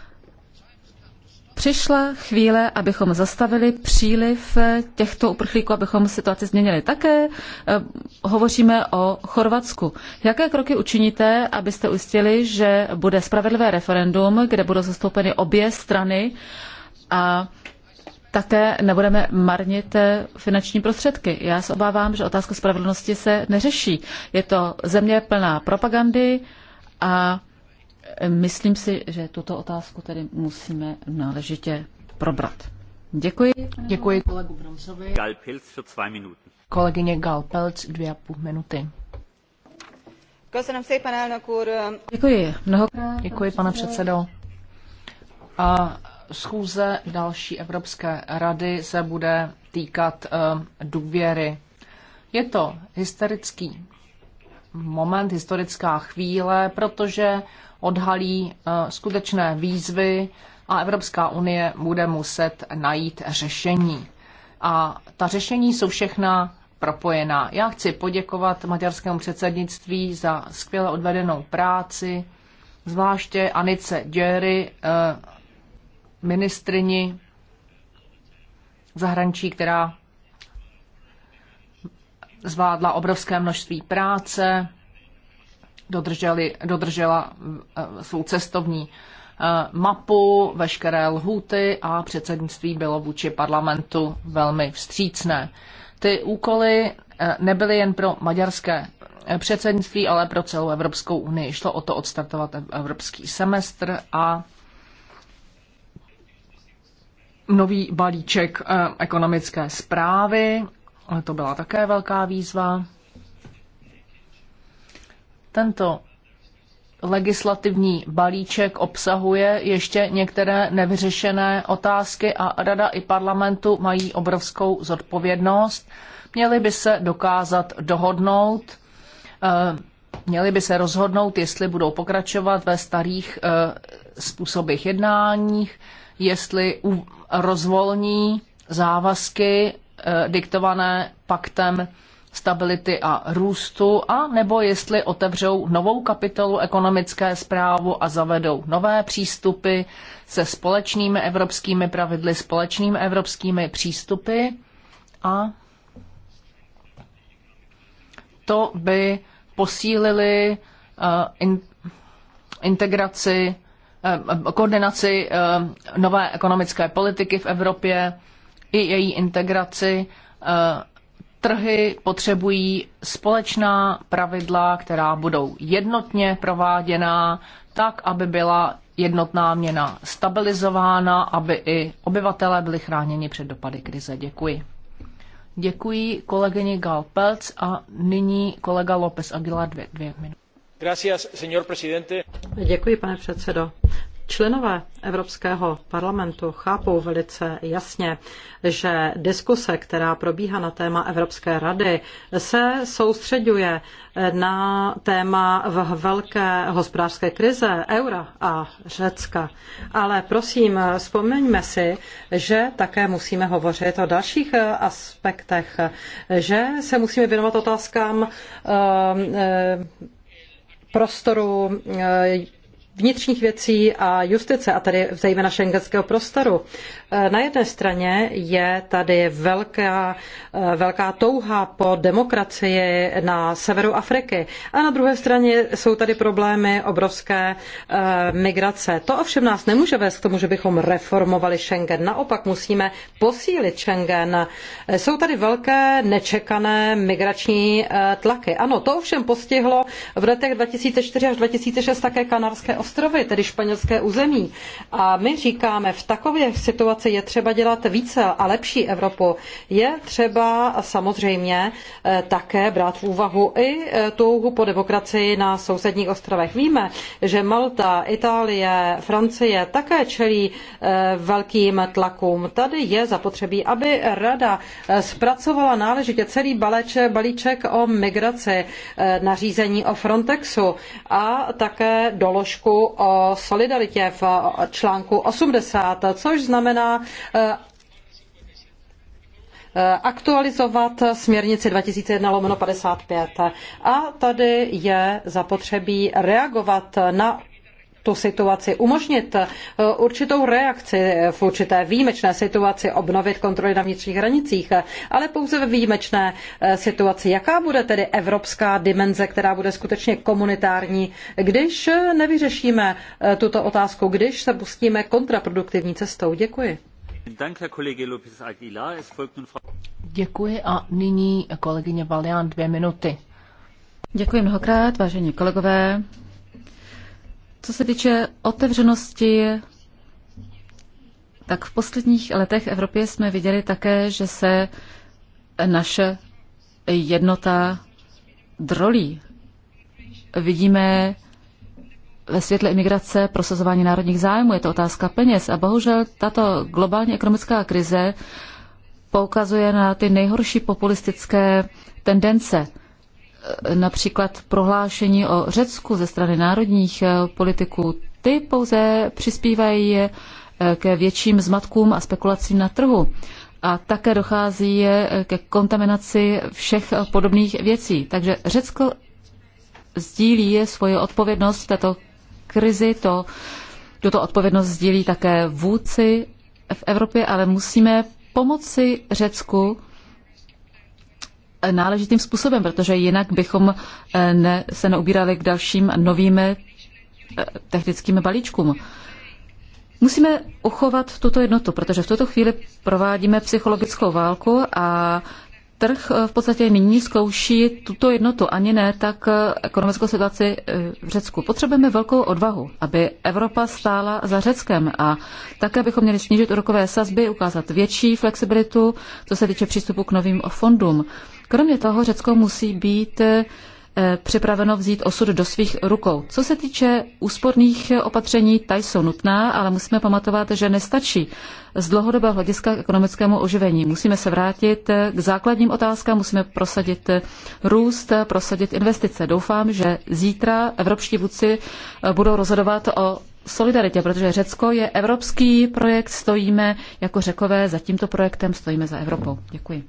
S1: přišla chvíle, abychom zastavili příliv těchto uprchlíků, abychom situaci změnili. Také e, hovoříme o Chorvatsku. Jaké kroky učiníte, abyste ujistili, že bude spravedlivé referendum, kde budou zastoupeny obě strany a také nebudeme marnit eh, finanční prostředky. Já se obávám, že otázka spravedlnosti se neřeší. Je to země plná propagandy a eh, myslím si, že tuto otázku tedy musíme náležitě
S3: probrat. Děkuji.
S4: Děkuji kolegu Bronzovi.
S3: Kolegyně Galpelc, dvě a půl minuty. Děkuji mnohokrát. Děkuji, pane předsedo. A schůze další Evropské rady se bude týkat eh, důvěry. Je to historický moment, historická chvíle, protože odhalí eh, skutečné výzvy a Evropská unie bude muset najít řešení. A ta řešení jsou všechna propojená. Já chci poděkovat maďarskému předsednictví za skvěle odvedenou práci, zvláště Anice Děry, eh, ministrini zahraničí, která zvládla obrovské množství práce, dodrželi, dodržela eh, svou cestovní eh, mapu, veškeré lhuty a předsednictví bylo vůči parlamentu velmi vstřícné. Ty úkoly eh, nebyly jen pro maďarské předsednictví, ale pro celou Evropskou unii. Šlo o to odstartovat evropský semestr a nový balíček eh, ekonomické zprávy, to byla také velká výzva. Tento legislativní balíček obsahuje ještě některé nevyřešené otázky a Rada i parlamentu mají obrovskou zodpovědnost. Měli by se dokázat dohodnout, eh, měli by se rozhodnout, jestli budou pokračovat ve starých eh, způsobech jednáních, jestli rozvolní závazky eh, diktované paktem stability a růstu, a nebo jestli otevřou novou kapitolu ekonomické zprávu a zavedou nové přístupy se společnými evropskými pravidly, společnými evropskými přístupy a to by posílili eh, integraci Eh, koordinaci eh, nové ekonomické politiky v Evropě i její integraci. Eh, trhy potřebují společná pravidla, která budou jednotně prováděná, tak, aby byla jednotná měna stabilizována, aby i obyvatelé byli chráněni před dopady krize. Děkuji. Děkuji
S2: kolegyni Galpelc a nyní kolega López Aguilar dvě, dvě minuty.
S4: Gracias, señor presidente.
S2: Děkuji, pane předsedo Členové Evropského parlamentu chápou velice jasně, že diskuse, která probíhá na téma Evropské rady, se soustředuje na téma v velké hospodářské krize eura a Řecka. Ale prosím, vzpomeňme si, že také musíme hovořit o dalších aspektech, že se musíme věnovat otázkám eh, eh, prostoru eh, vnitřních věcí a justice, a tedy zejména šengenského prostoru. Eh, na jedné straně je tady velká, eh, velká touha po demokracii na severu Afriky a na druhé straně jsou tady problémy obrovské eh, migrace. To ovšem nás nemůže vést k tomu, že bychom reformovali Schengen. Naopak musíme posílit Schengen. Jsou tady velké nečekané migrační tlaky. Ano, to ovšem postihlo v letech 2004 až 2006 také Kanárské ostrovy, tedy španělské území. A my říkáme, v takových situacích situaci, je třeba dělat více a lepší Evropu. Je třeba samozřejmě eh, také brát v úvahu i eh, touhu po demokracii na sousedních ostrovech. Víme, že Malta, Itálie, Francie také čelí eh, velkým tlakům. Tady je zapotřebí, aby rada zpracovala náležitě celý balíček, balíček o migraci, nařízení o Frontexu a také doložku o solidaritě v článku 80, což znamená Eh, aktualizovat směrnici 2001 55. A tady je zapotřebí reagovat na tu situaci umožnit eh, určitou reakci v určité výjimečné situaci, obnovit kontroly na vnitřních hranicích, eh, ale pouze ve výjimečné eh, situaci. Jaká bude tedy evropská dimenze, která bude skutečně komunitární, když nevyřešíme tuto otázku, když se pustíme kontraproduktivní cestou? Děkuji. Děkuji a nyní
S3: kolegyně Valian dvě minuty. Děkuji mnohokrát, vážení kolegové.
S1: Co se týče otevřenosti, tak v posledních letech v Evropě jsme viděli také, že se naše jednota drolí. Vidíme ve světle imigrace prosazování národních zájmů, je to otázka peněz. A bohužel tato globální ekonomická krize poukazuje na ty nejhorší populistické tendence například prohlášení o Řecku ze strany národních eh, politiků, ty pouze přispívají eh, ke větším zmatkům a spekulacím na trhu. A také dochází eh, ke kontaminaci všech podobných věcí. Takže Řecko sdílí svoji odpovědnost v této krizi, to, tuto odpovědnost sdílí také vůdci v Evropě, ale musíme pomoci Řecku náležitým způsobem, protože jinak bychom eh, ne, se neubírali k dalším novým eh, technickým balíčkům. Musíme uchovat tuto jednotu, protože v tuto chvíli provádíme psychologickou válku a trh eh, v podstatě nyní zkouší tuto jednotu, ani ne tak ekonomickou situaci v Řecku. Potřebujeme velkou odvahu, aby Evropa stála za Řeckem a také bychom měli snížit úrokové sazby, ukázat větší flexibilitu, co se týče přístupu k novým fondům. Kromě toho Řecko musí být eh, připraveno vzít osud do svých rukou. Co se týče úsporných opatření, ta jsou nutná, ale musíme pamatovat, že nestačí z dlouhodobého hlediska k ekonomickému oživení. Musíme se vrátit eh, k základním otázkám, musíme prosadit eh, růst, prosadit investice. Doufám, že zítra evropští vůdci budou rozhodovat o solidaritě, protože Řecko je evropský projekt, stojíme jako řekové za tímto projektem, stojíme za Evropou. Děkuji.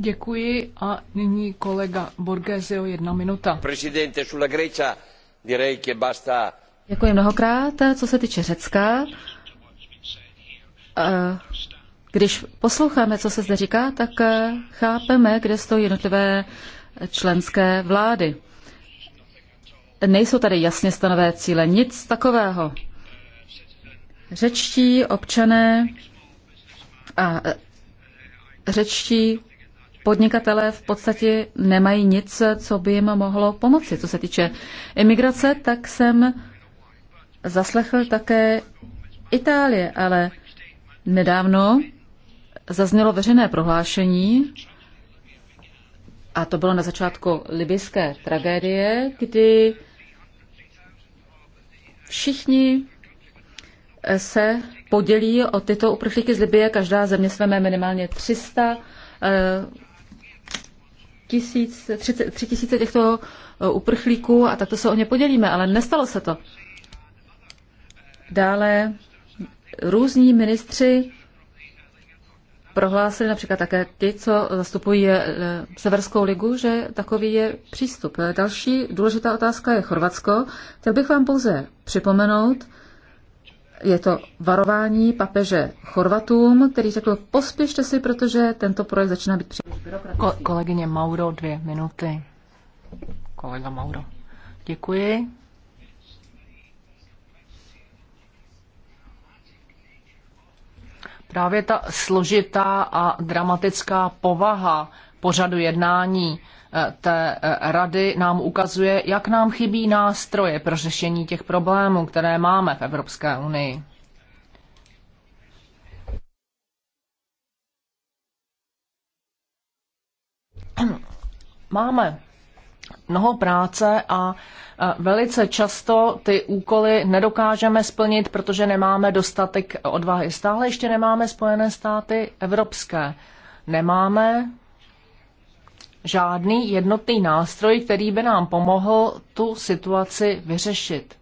S3: Děkuji a nyní kolega Borgesio, jedna minuta.
S4: Presidente, sulla Grecia, direi che basta...
S1: Děkuji mnohokrát. Co se týče Řecka, eh, když posloucháme, co se zde říká, tak eh, chápeme, kde jsou jednotlivé členské vlády. Nejsou tady jasně stanové cíle, nic takového. Řečtí občané a eh, řečtí podnikatelé v podstatě nemají nic, co by jim mohlo pomoci. Co se týče imigrace, tak jsem zaslechl také Itálie, ale nedávno zaznělo veřejné prohlášení, a to bylo na začátku libyské tragédie, kdy všichni se podělí o tyto uprchlíky z Libie, každá země své minimálně 300 tisíc, tři, tři tisíce těchto eh, uprchlíků a takto se o ně podělíme, ale nestalo se to. Dále různí ministři prohlásili například také ty, co zastupují eh, Severskou ligu, že takový je přístup. Eh, další důležitá otázka je Chorvatsko. Chtěl bych vám pouze připomenout, je to varování papeže Chorvatům, který řekl, pospěšte si, protože tento projekt začíná být příliš
S3: Ko- kolegyně Mauro, dvě minuty. Kolega Mauro. Děkuji. Právě ta složitá a dramatická povaha pořadu jednání té eh, rady nám ukazuje, jak nám chybí nástroje pro řešení těch problémů, které máme v Evropské unii. (clears throat) Máme mnoho práce a eh, velice často ty úkoly nedokážeme splnit, protože nemáme dostatek odvahy. Stále ještě nemáme Spojené státy evropské. Nemáme žádný jednotný nástroj, který by nám pomohl tu situaci vyřešit.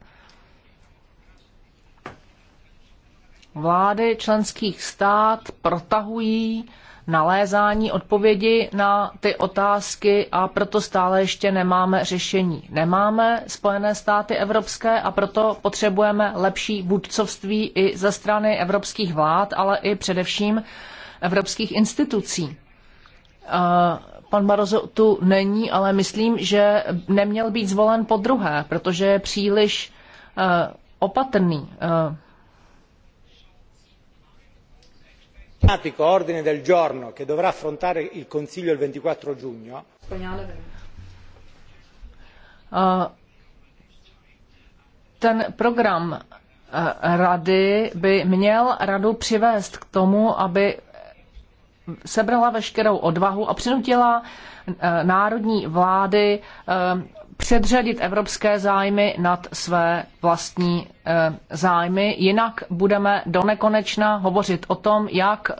S3: Vlády členských stát protahují nalézání odpovědi na ty otázky a proto stále ještě nemáme řešení. Nemáme Spojené státy evropské a proto potřebujeme lepší vůdcovství i ze strany evropských vlád, ale i především evropských institucí. Eh, Pan Barozo tu není, ale myslím, že neměl být zvolen po druhé, protože je příliš uh, opatrný.
S4: Uh, ordine del giorno che dovrà affrontare il Consiglio il 24 giugno.
S2: Uh,
S3: ten program rady by měl radu přivést k tomu, aby sebrala veškerou odvahu a přinutila eh, národní vlády eh, předřadit evropské zájmy nad své vlastní eh, zájmy. Jinak budeme do nekonečna hovořit o tom, jak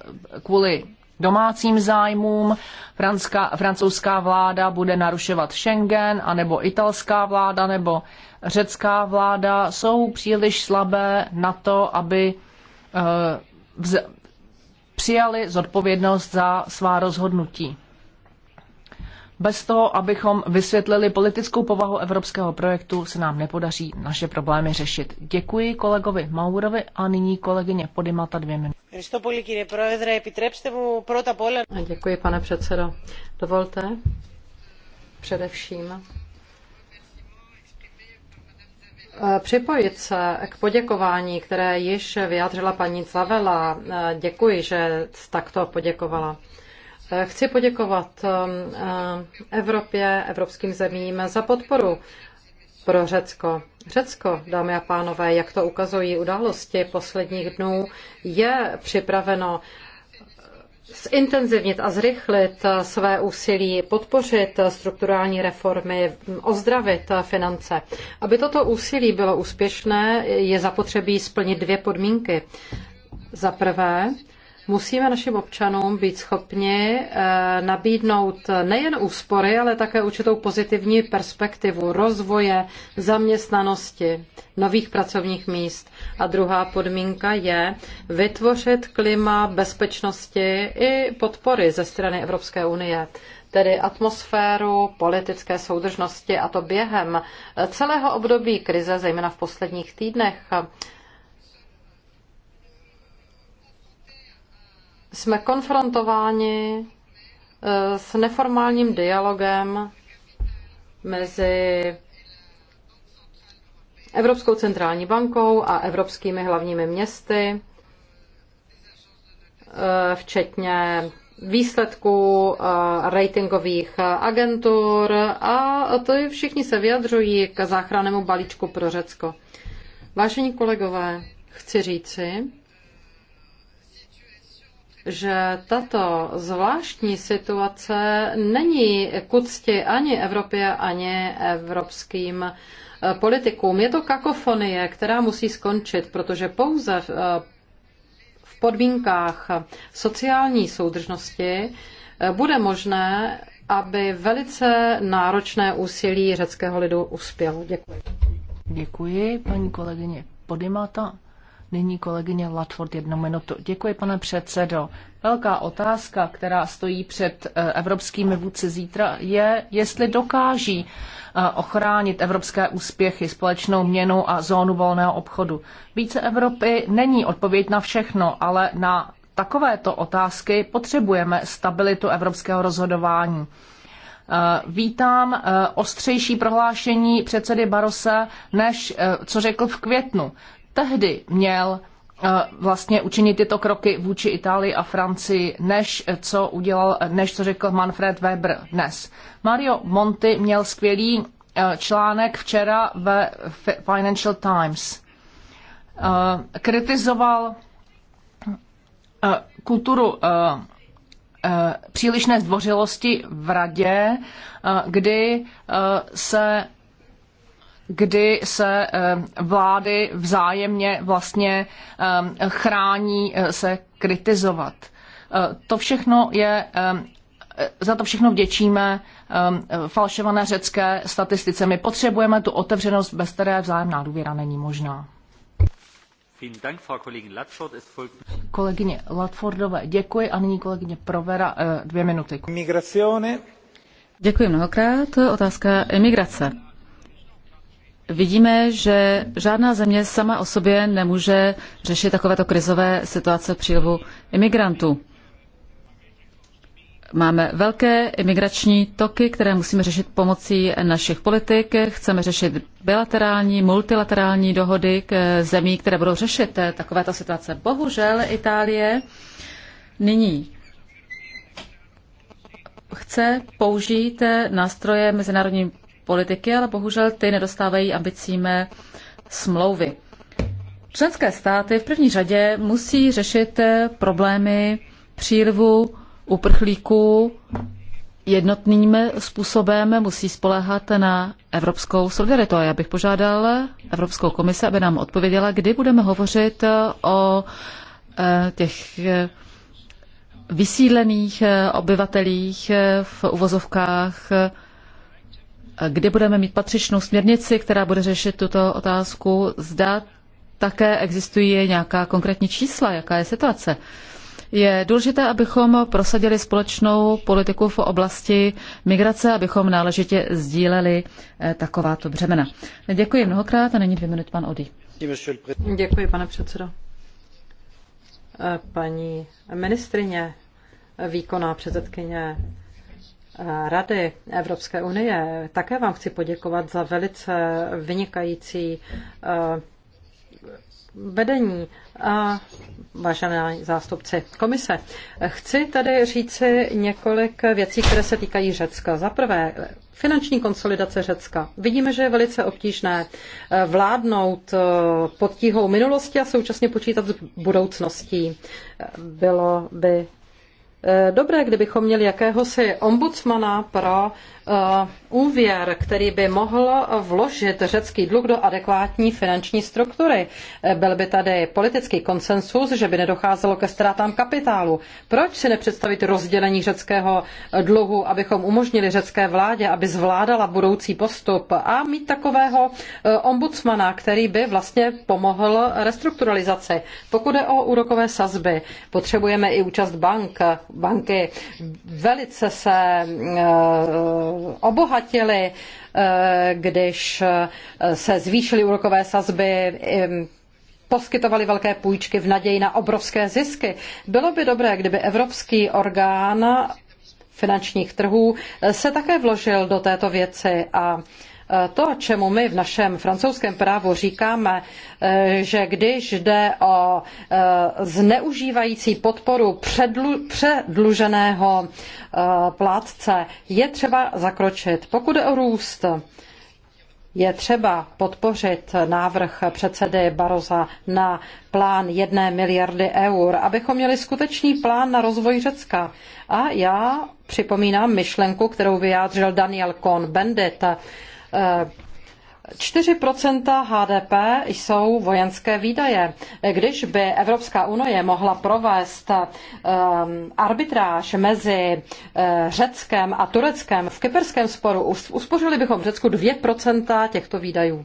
S3: kvůli domácím zájmům franska, francouzská vláda bude narušovat Schengen, anebo italská vláda, nebo řecká vláda jsou příliš slabé na to, aby přijali zodpovědnost za svá rozhodnutí. Bez toho, abychom vysvětlili politickou povahu evropského projektu, se nám nepodaří naše problémy řešit. Děkuji kolegovi Maurovi a nyní kolegyně Podimata
S2: dvě minuty. Děkuji, pane předsedo. Dovolte především připojit se k poděkování, které již vyjádřila paní Zavela. Děkuji, že takto poděkovala. Chci poděkovat um, uh, Evropě, evropským zemím za podporu pro Řecko. Řecko, dámy a pánové, jak to ukazují události posledních dnů, je připraveno zintenzivnit a zrychlit své úsilí, podpořit strukturální reformy, ozdravit finance. Aby toto úsilí bylo úspěšné, je zapotřebí splnit dvě podmínky. Za prvé, musíme našim občanům být schopni eh, nabídnout nejen úspory, ale také určitou pozitivní perspektivu rozvoje, zaměstnanosti, nových pracovních míst. A druhá podmínka je vytvořit klima bezpečnosti i podpory ze strany Evropské unie tedy atmosféru politické soudržnosti a to během celého období krize, zejména v posledních týdnech. jsme konfrontováni eh, s neformálním dialogem mezi Evropskou centrální bankou a evropskými hlavními městy, eh, včetně výsledků eh, ratingových agentur a to všichni se vyjadřují k záchrannému balíčku pro Řecko. Vážení kolegové, chci říci, že tato zvláštní situace není k úcti ani Evropě, ani evropským eh, politikům. Je to kakofonie, která musí skončit, protože pouze v eh, podmínkách sociální soudržnosti eh, bude možné, aby velice náročné úsilí řeckého lidu uspělo. Děkuji. Děkuji, paní kolegyně Podimata. Nyní kolegyně Latford jednu minutu.
S3: Děkuji, pane předsedo. Velká otázka, která stojí před eh, evropskými vůdci zítra, je, jestli dokáží eh, ochránit evropské úspěchy, společnou měnu a zónu volného obchodu. Více Evropy není odpověď na všechno, ale na takovéto otázky potřebujeme stabilitu evropského rozhodování. Eh, vítám ostřejší prohlášení předsedy Barose, než co řekl v květnu tehdy měl eh, vlastně učinit tyto kroky vůči Itálii a Francii, než eh, co udělal, eh, než co řekl Manfred Weber dnes. Mario Monti měl skvělý článek včera ve Financial Times. Kritizoval kulturu přílišné zdvořilosti v radě, kdy se kdy se eh, vlády vzájemně vlastně eh, chrání eh, se kritizovat. To všechno je, za to všechno vděčíme falšované řecké statistice. My potřebujeme tu otevřenost, bez které vzájemná důvěra není možná. Kolegyně Latfordové, děkuji a nyní kolegyně Provera dvě minuty. Migrazione.
S1: Děkuji mnohokrát. Otázka emigrace vidíme, že žádná země sama o sobě nemůže řešit takovéto krizové situace přílivu imigrantů. Máme velké imigrační toky, které musíme řešit pomocí našich politik. Chceme řešit bilaterální, multilaterální dohody k zemí, které budou řešit takovéto situace. Bohužel Itálie nyní chce použít nástroje mezinárodní politiky, ale bohužel ty nedostávají ambicíme smlouvy. Členské státy v první řadě musí řešit eh, problémy přílivu uprchlíků jednotným způsobem, musí spoléhat na evropskou solidaritu. A já bych požádal Evropskou komisi, aby nám odpověděla, kdy budeme hovořit eh, o eh, těch vysílených obyvatelích v uvozovkách kdy budeme mít patřičnou směrnici, která bude řešit tuto otázku. Zda také existují nějaká konkrétní čísla, jaká je situace. Je důležité, abychom prosadili společnou politiku v oblasti migrace, abychom náležitě sdíleli eh, takováto břemena. Děkuji mnohokrát a není dvě minuty pan Odi.
S2: Děkuji, pane předsedo. Eh, paní ministrině, eh, výkonná předsedkyně Rady Evropské unie. Také vám chci poděkovat za velice vynikající eh, vedení a vážené zástupci komise. Chci tady říci několik věcí, které se týkají Řecka. Za prvé, finanční konsolidace Řecka. Vidíme, že je velice obtížné eh, vládnout eh, pod tíhou minulosti a současně počítat s budoucností. Bylo by Eh, dobré, kdybychom měli jakéhosi ombudsmana pro eh, úvěr, který by mohl vložit řecký dluh do adekvátní finanční struktury. Eh, byl by tady politický konsensus, že by nedocházelo ke ztrátám kapitálu. Proč si nepředstavit rozdělení řeckého dluhu, abychom umožnili řecké vládě, aby zvládala budoucí postup a mít takového ombudsmana, který by vlastně pomohl restrukturalizaci. Pokud je o úrokové sazby, potřebujeme i účast bank banky velice se eh, obohatily, eh, když eh, se zvýšily úrokové sazby, poskytovali velké půjčky v naději na obrovské zisky. Bylo by dobré, kdyby evropský orgán finančních trhů se také vložil do této věci a Eh, to, čemu my v našem francouzském právu říkáme, eh, že když jde o eh, zneužívající podporu předlu, předluženého plátce, je třeba zakročit. Pokud je o růst, je třeba podpořit návrh předsedy Baroza na plán jedné miliardy eur, abychom měli skutečný plán na rozvoj Řecka. A já připomínám myšlenku, kterou vyjádřil Daniel Cohn-Bendit, 4 eh, HDP jsou vojenské výdaje. Když by Evropská unie mohla provést eh, arbitráž mezi eh, Řeckem a Tureckem v kyperském sporu, uspořili bychom v Řecku 2 těchto výdajů.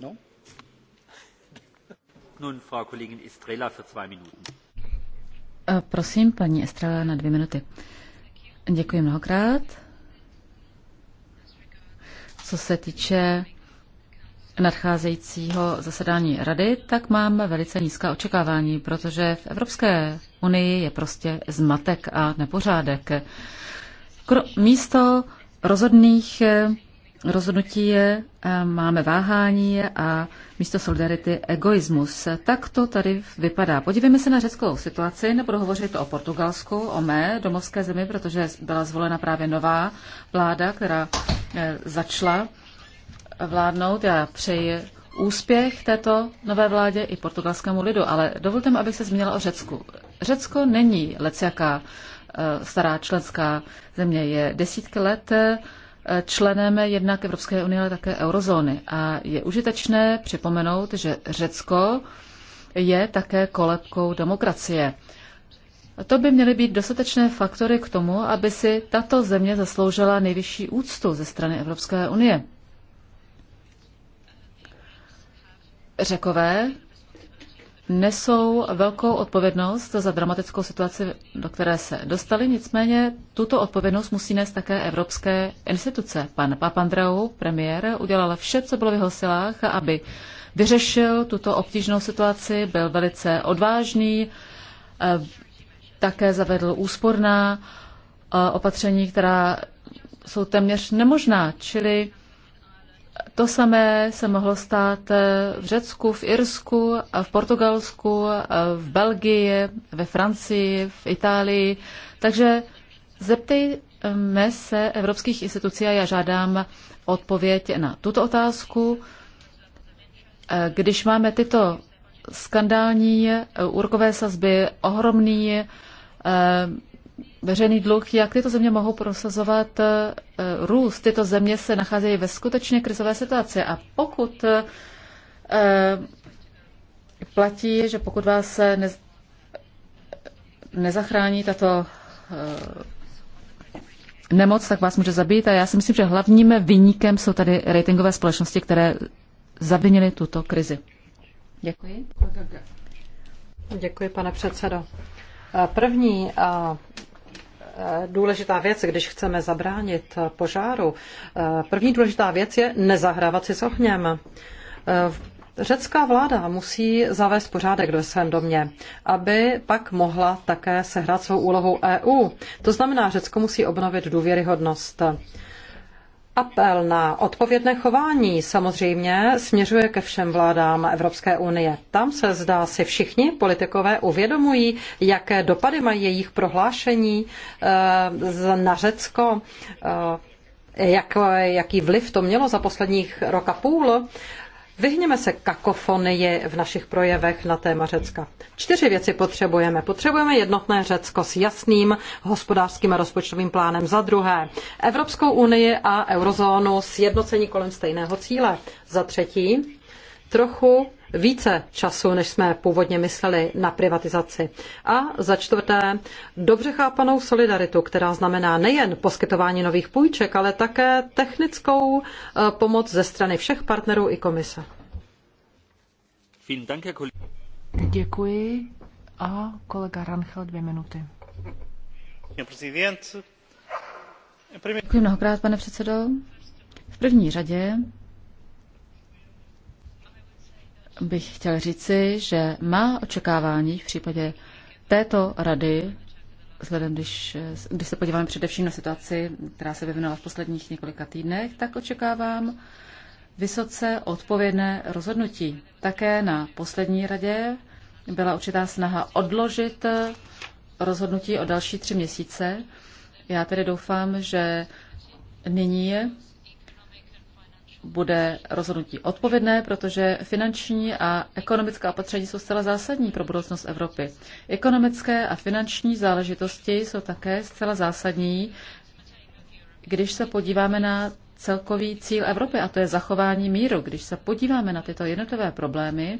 S4: No? Nun, Frau Kollegin Estrela für zwei Minuten.
S1: Prosím, paní Estrela na dvě minuty. Děkuji mnohokrát. Co se týče nadcházejícího zasedání rady, tak mám velice nízká očekávání, protože v Evropské unii je prostě zmatek a nepořádek. Místo rozhodných rozhodnutí máme váhání a místo solidarity egoismus. Tak to tady vypadá. Podívejme se na řeckou situaci, nebudu hovořit o Portugalsku, o mé domovské zemi, protože byla zvolena právě nová vláda, která Eh, začala vládnout. Já přeji úspěch této nové vládě i portugalskému lidu, ale dovolte mi, abych se zmínila o Řecku. Řecko není leciaká eh, stará členská země. Je desítky let eh, členem jednak Evropské unie, ale také eurozóny. A je užitečné připomenout, že Řecko je také kolebkou demokracie. To by měly být dostatečné faktory k tomu, aby si tato země zasloužila nejvyšší úctu ze strany Evropské unie. Řekové nesou velkou odpovědnost za dramatickou situaci, do které se dostali, nicméně tuto odpovědnost musí nést také evropské instituce. Pan Papandreou, premiér, udělal vše, co bylo v jeho silách, aby vyřešil tuto obtížnou situaci, byl velice odvážný, eh, také zavedl úsporná eh, opatření, která jsou téměř nemožná, čili to samé se mohlo stát eh, v Řecku, v Irsku, eh, v Portugalsku, v Belgii, ve Francii, v Itálii. Takže zeptejme se evropských institucí a já žádám odpověď na tuto otázku. Když máme tyto skandální úrokové sazby, ohromný Eh, veřejný dluh, jak tyto země mohou prosazovat eh, růst. Tyto země se nacházejí ve skutečně krizové situaci a pokud eh, platí, že pokud vás se nezachrání tato nemoc, tak vás může zabít. A já si myslím, že hlavním vyníkem jsou tady ratingové společnosti, které zavinily tuto krizi.
S2: Děkuji. Děkuji, pane předsedo. První a důležitá věc, když chceme zabránit požáru, první důležitá věc je nezahrávat si s ohněm. Řecká vláda musí zavést pořádek do svém domě, aby pak mohla také sehrát svou úlohu EU. To znamená, Řecko musí obnovit důvěryhodnost. Apel na odpovědné chování samozřejmě směřuje ke všem vládám Evropské unie. Tam se zdá si všichni politikové uvědomují, jaké dopady mají jejich prohlášení eh, na Řecko, eh, jak, jaký vliv to mělo za posledních rok a půl. Vyhněme se kakofonii v našich projevech na téma Řecka. Čtyři věci potřebujeme. Potřebujeme jednotné Řecko s jasným hospodářským a rozpočtovým plánem. Za druhé, Evropskou unii a eurozónu sjednocení kolem stejného cíle. Za třetí, trochu více času, než jsme původně mysleli na privatizaci. A za čtvrté, dobře chápanou solidaritu, která znamená nejen poskytování nových půjček, ale také technickou eh, pomoc ze strany všech partnerů i komise. Děkuji.
S3: A kolega Ranchel dvě minuty.
S1: Děkuji mnohokrát, pane předsedo. V první řadě bych chtěl říci, že má očekávání v případě této rady, vzhledem, když, když se podíváme především na situaci, která se vyvinula v posledních několika týdnech, tak očekávám vysoce odpovědné rozhodnutí. Také na poslední radě byla určitá snaha odložit rozhodnutí o další tři měsíce. Já tedy doufám, že nyní bude rozhodnutí odpovědné, protože finanční a ekonomická opatření jsou zcela zásadní pro budoucnost Evropy. Ekonomické a finanční záležitosti jsou také zcela zásadní, když se podíváme na celkový cíl Evropy, a to je zachování míru. Když se podíváme na tyto jednotlivé problémy,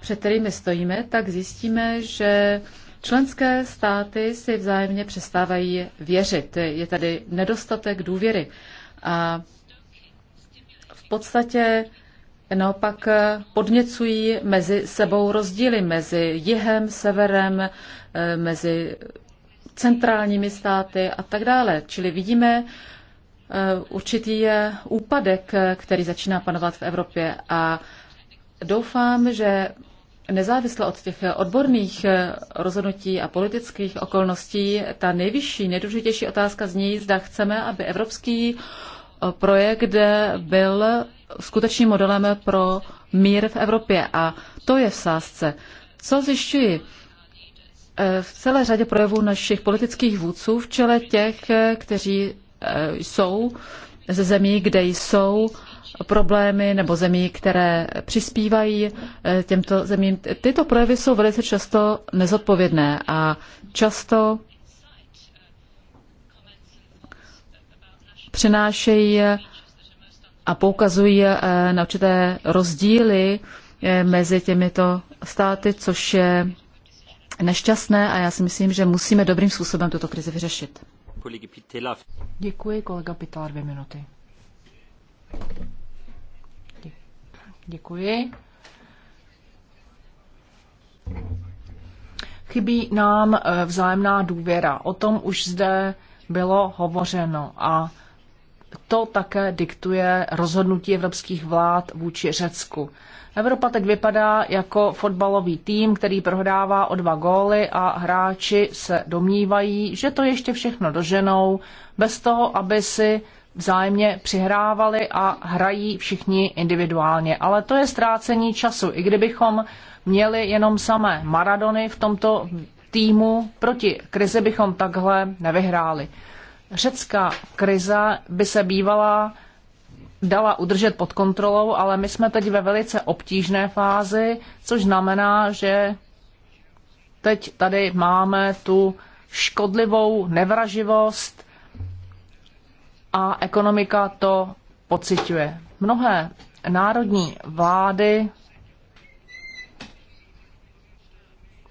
S1: před kterými stojíme, tak zjistíme, že členské státy si vzájemně přestávají věřit. Je tady nedostatek důvěry. A podstatě naopak podněcují mezi sebou rozdíly mezi jihem, severem, eh, mezi centrálními státy a tak dále. Čili vidíme eh, určitý úpadek, který začíná panovat v Evropě a doufám, že nezávisle od těch odborných eh, rozhodnutí a politických okolností, ta nejvyšší, nejdůležitější otázka zní, zda chceme, aby Evropský projekt byl skutečným modelem pro mír v Evropě a to je v sázce. Co zjišťuji? E, v celé řadě projevů našich politických vůdců, v čele těch, kteří e, jsou ze zemí, kde jsou problémy nebo zemí, které přispívají e, těmto zemím. Tyto projevy jsou velice často nezodpovědné a často Přenášejí a poukazují eh, na určité rozdíly eh, mezi těmito státy, což je nešťastné a já si myslím, že musíme dobrým způsobem tuto krizi vyřešit.
S3: Děkuji, kolega Pitár, dvě minuty. Děkuji. Chybí nám eh, vzájemná důvěra. O tom už zde bylo hovořeno a to také diktuje rozhodnutí evropských vlád vůči Řecku. Evropa teď vypadá jako fotbalový tým, který prohrává o dva góly a hráči se domnívají, že to ještě všechno doženou, bez toho, aby si vzájemně přihrávali a hrají všichni individuálně. Ale to je ztrácení času. I kdybychom měli jenom samé Maradony v tomto týmu, proti krizi bychom takhle nevyhráli. Řecká krize by se bývala dala udržet pod kontrolou, ale my jsme teď ve velice obtížné fázi, což znamená, že teď tady máme tu škodlivou nevraživost a ekonomika to pociťuje. Mnohé národní vlády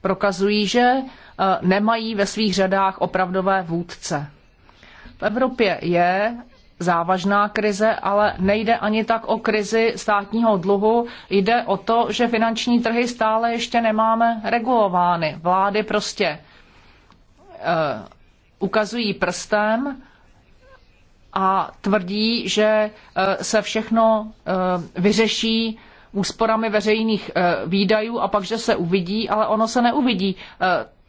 S3: prokazují, že eh, nemají ve svých řadách opravdové vůdce. V Evropě je závažná krize, ale nejde ani tak o krizi státního dluhu. Jde o to, že finanční trhy stále ještě nemáme regulovány. Vlády prostě e, ukazují prstem a tvrdí, že e, se všechno e, vyřeší úsporami veřejných výdajů a pak, že se uvidí, ale ono se neuvidí.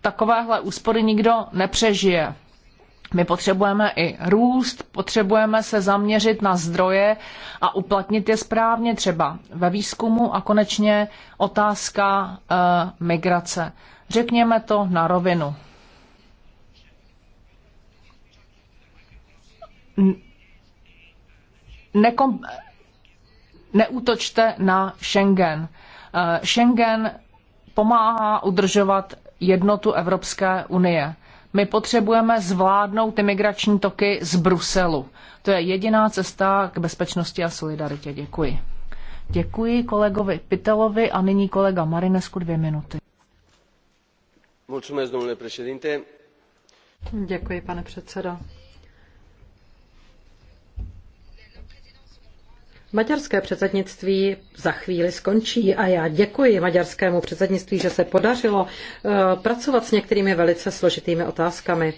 S3: Takovéhle úspory nikdo nepřežije. My potřebujeme i růst, potřebujeme se zaměřit na zdroje a uplatnit je správně třeba ve výzkumu a konečně otázka e, migrace. Řekněme to na rovinu. Nekom, neútočte na Schengen. Eh, Schengen pomáhá udržovat jednotu Evropské unie my potřebujeme zvládnout ty migrační toky z Bruselu. To je jediná cesta k bezpečnosti a solidaritě. Děkuji. Děkuji kolegovi Pitelovi a nyní kolega Marinesku dvě minuty.
S2: Děkuji, pane předsedo. Maďarské předsednictví za chvíli skončí a já děkuji maďarskému předsednictví, že se podařilo eh, pracovat s některými velice složitými otázkami.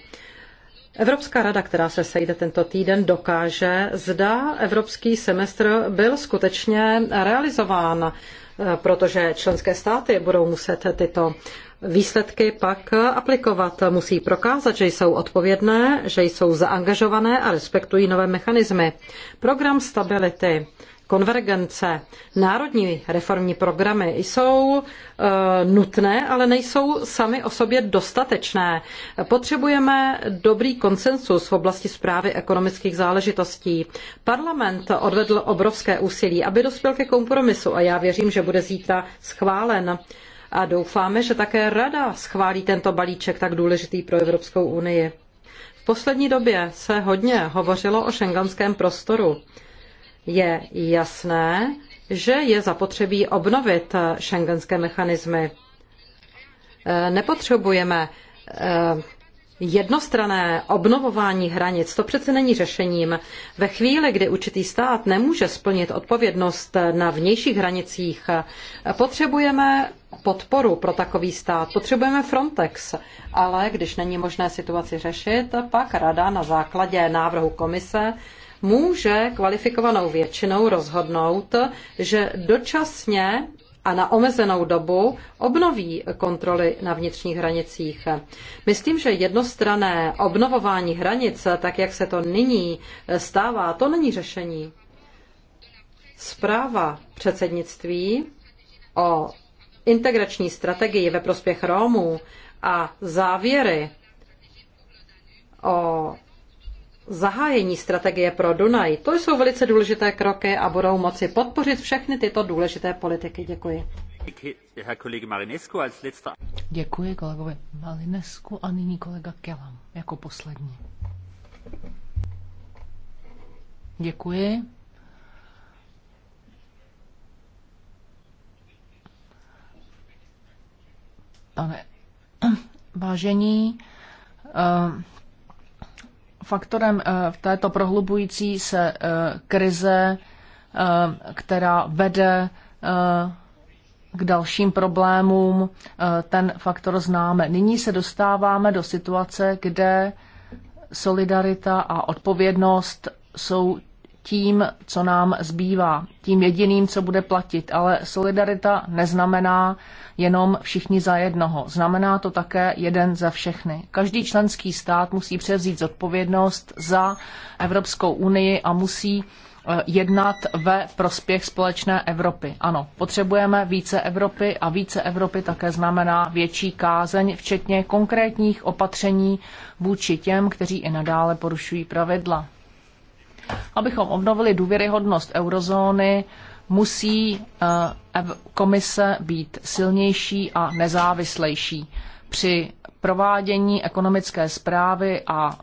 S2: Evropská rada, která se sejde tento týden, dokáže, zda evropský semestr byl skutečně realizován, eh, protože členské státy budou muset tyto výsledky pak aplikovat. Musí prokázat, že jsou odpovědné, že jsou zaangažované a respektují nové mechanismy. Program stability konvergence, národní reformní programy jsou eh, nutné, ale nejsou sami o sobě dostatečné. Potřebujeme dobrý konsensus v oblasti zprávy ekonomických záležitostí. Parlament odvedl obrovské úsilí, aby dospěl ke kompromisu a já věřím, že bude zítra schválen a doufáme, že také Rada schválí tento balíček tak důležitý pro Evropskou unii. V poslední době se hodně hovořilo o šengenském prostoru. Je jasné, že je zapotřebí obnovit šengenské mechanismy. E, nepotřebujeme e, jednostrané obnovování hranic, to přece není řešením. Ve chvíli, kdy určitý stát nemůže splnit odpovědnost na vnějších hranicích, potřebujeme podporu pro takový stát, potřebujeme Frontex, ale když není možné situaci řešit, pak rada na základě návrhu komise může kvalifikovanou většinou rozhodnout, že dočasně a na omezenou dobu obnoví kontroly na vnitřních hranicích. Myslím, že jednostrané obnovování hranic, tak jak se to nyní stává, to není řešení. Zpráva předsednictví o integrační strategii ve prospěch Rómů a závěry o zahájení strategie pro Dunaj. To jsou velice důležité kroky a budou moci podpořit všechny tyto důležité politiky. Děkuji.
S3: Děkuji kolegovi Malinesku a nyní kolega Kelam jako poslední. Děkuji. Pane, (clears throat) vážení, eh, Faktorem eh, v této prohlubující se eh, krize, eh, která vede k dalším problémům, ten faktor známe. Nyní se dostáváme do situace, kde solidarita a odpovědnost jsou tím, co nám zbývá, tím jediným, co bude platit. Ale solidarita neznamená jenom všichni za jednoho. Znamená to také jeden za všechny. Každý členský stát musí převzít zodpovědnost za Evropskou unii a musí eh, jednat ve prospěch společné Evropy. Ano, potřebujeme více Evropy a více Evropy také znamená větší kázeň, včetně konkrétních opatření vůči těm, kteří i nadále porušují pravidla. Abychom obnovili důvěryhodnost eurozóny, musí eh, komise být silnější a nezávislejší při provádění ekonomické zprávy a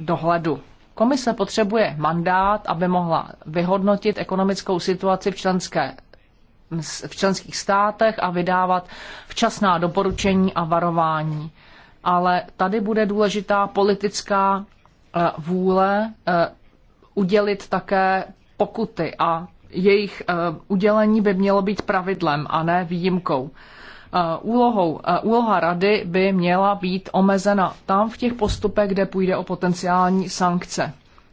S3: dohledu. Komise potřebuje mandát, aby mohla vyhodnotit ekonomickou situaci v, členské, v členských státech a vydávat včasná doporučení a varování. Ale tady bude důležitá politická eh, vůle eh, udělit také pokuty a jejich eh, udělení by mělo být pravidlem a ne výjimkou. Eh, úlohou, eh, úloha rady by měla být omezena tam v těch postupech, kde půjde o potenciální sankce.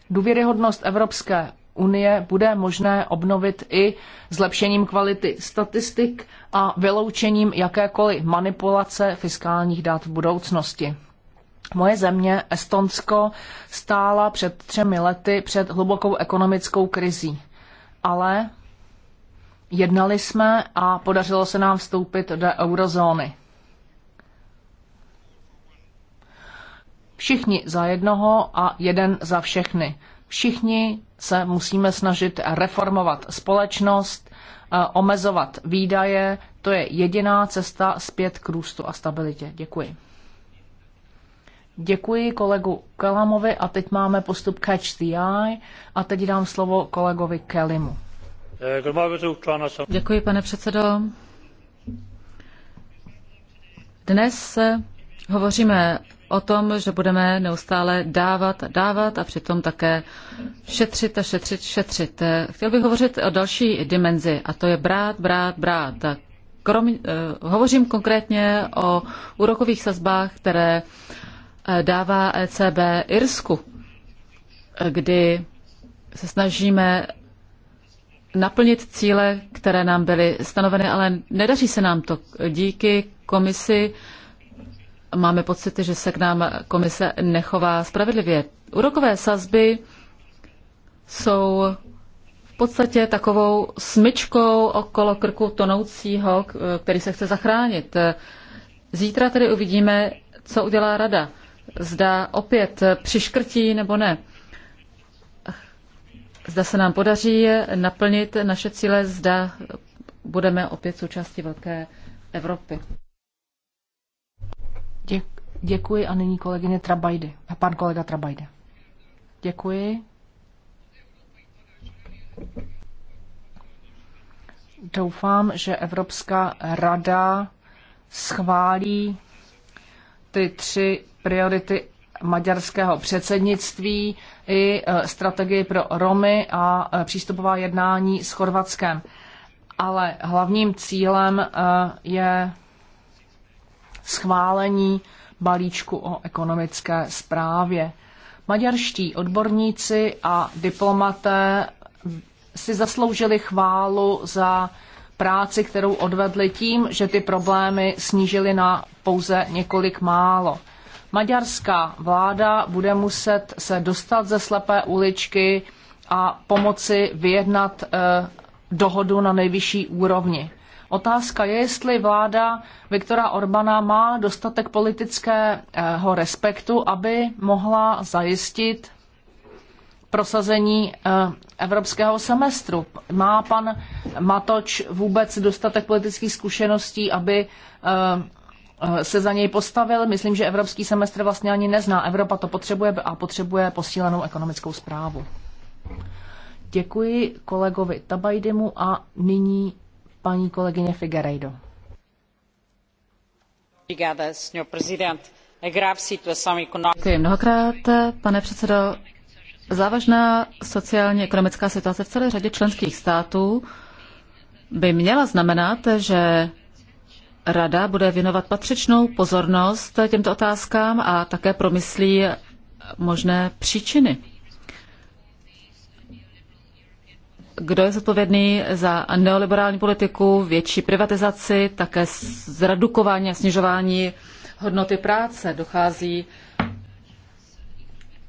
S3: Důvěryhodnost Evropské unie bude možné obnovit i zlepšením kvality statistik a vyloučením jakékoliv manipulace fiskálních dat v budoucnosti. Moje země, Estonsko, stála před třemi lety před hlubokou ekonomickou krizí. Ale jednali jsme a podařilo se nám vstoupit do eurozóny. Všichni za jednoho a jeden za všechny. Všichni se musíme snažit reformovat společnost, eh, omezovat výdaje. To je jediná cesta zpět k růstu a stabilitě. Děkuji. Děkuji kolegu Kalamovi a teď máme postup Catch the Eye a teď dám slovo kolegovi Kelimu. Děkuji, pane předsedo.
S1: Dnes hovoříme o tom, že budeme neustále dávat, dávat a přitom také šetřit a šetřit, šetřit. Chtěl bych hovořit o další dimenzi a to je brát, brát, brát. Krom, eh, hovořím konkrétně o úrokových sazbách, které dává ECB Irsku, kdy se snažíme naplnit cíle, které nám byly stanoveny, ale nedaří se nám to. Díky komisi máme pocit, že se k nám komise nechová spravedlivě. Úrokové sazby jsou v podstatě takovou smyčkou okolo krku tonoucího, který se chce zachránit. Zítra tedy uvidíme, co udělá rada zda opět přiškrtí nebo ne. Zda se nám podaří naplnit naše cíle, zda budeme opět součástí velké Evropy.
S3: Děkuji a nyní kolegyně Trabajdy, a pan kolega Trabajde. Děkuji. Doufám, že Evropská rada schválí ty tři priority maďarského předsednictví i e, strategii pro Romy a e, přístupová jednání s Chorvatskem. Ale hlavním cílem e, je schválení balíčku o ekonomické správě. Maďarští odborníci a diplomaté si zasloužili chválu za práci, kterou odvedli tím, že ty problémy snížili na pouze několik málo. Maďarská vláda bude muset se dostat ze slepé uličky a pomoci vyjednat eh, dohodu na nejvyšší úrovni. Otázka je, jestli vláda Viktora Orbana má dostatek politického respektu, aby mohla zajistit prosazení eh, evropského semestru. Má pan Matoč vůbec dostatek politických zkušeností, aby eh, Eh, se za něj postavil. Myslím, že evropský semestr vlastně ani nezná. Evropa to potřebuje a potřebuje posílenou ekonomickou zprávu. Děkuji kolegovi Tabajdemu a nyní paní kolegyně Figueiredo. Děkuji mnohokrát, pane předsedo.
S1: Závažná sociálně ekonomická situace v celé řadě členských států by měla znamenat, že rada bude věnovat patřičnou pozornost těmto otázkám a také promyslí možné příčiny. Kdo je zodpovědný za neoliberální politiku, větší privatizaci, také zredukování a snižování hodnoty práce? Dochází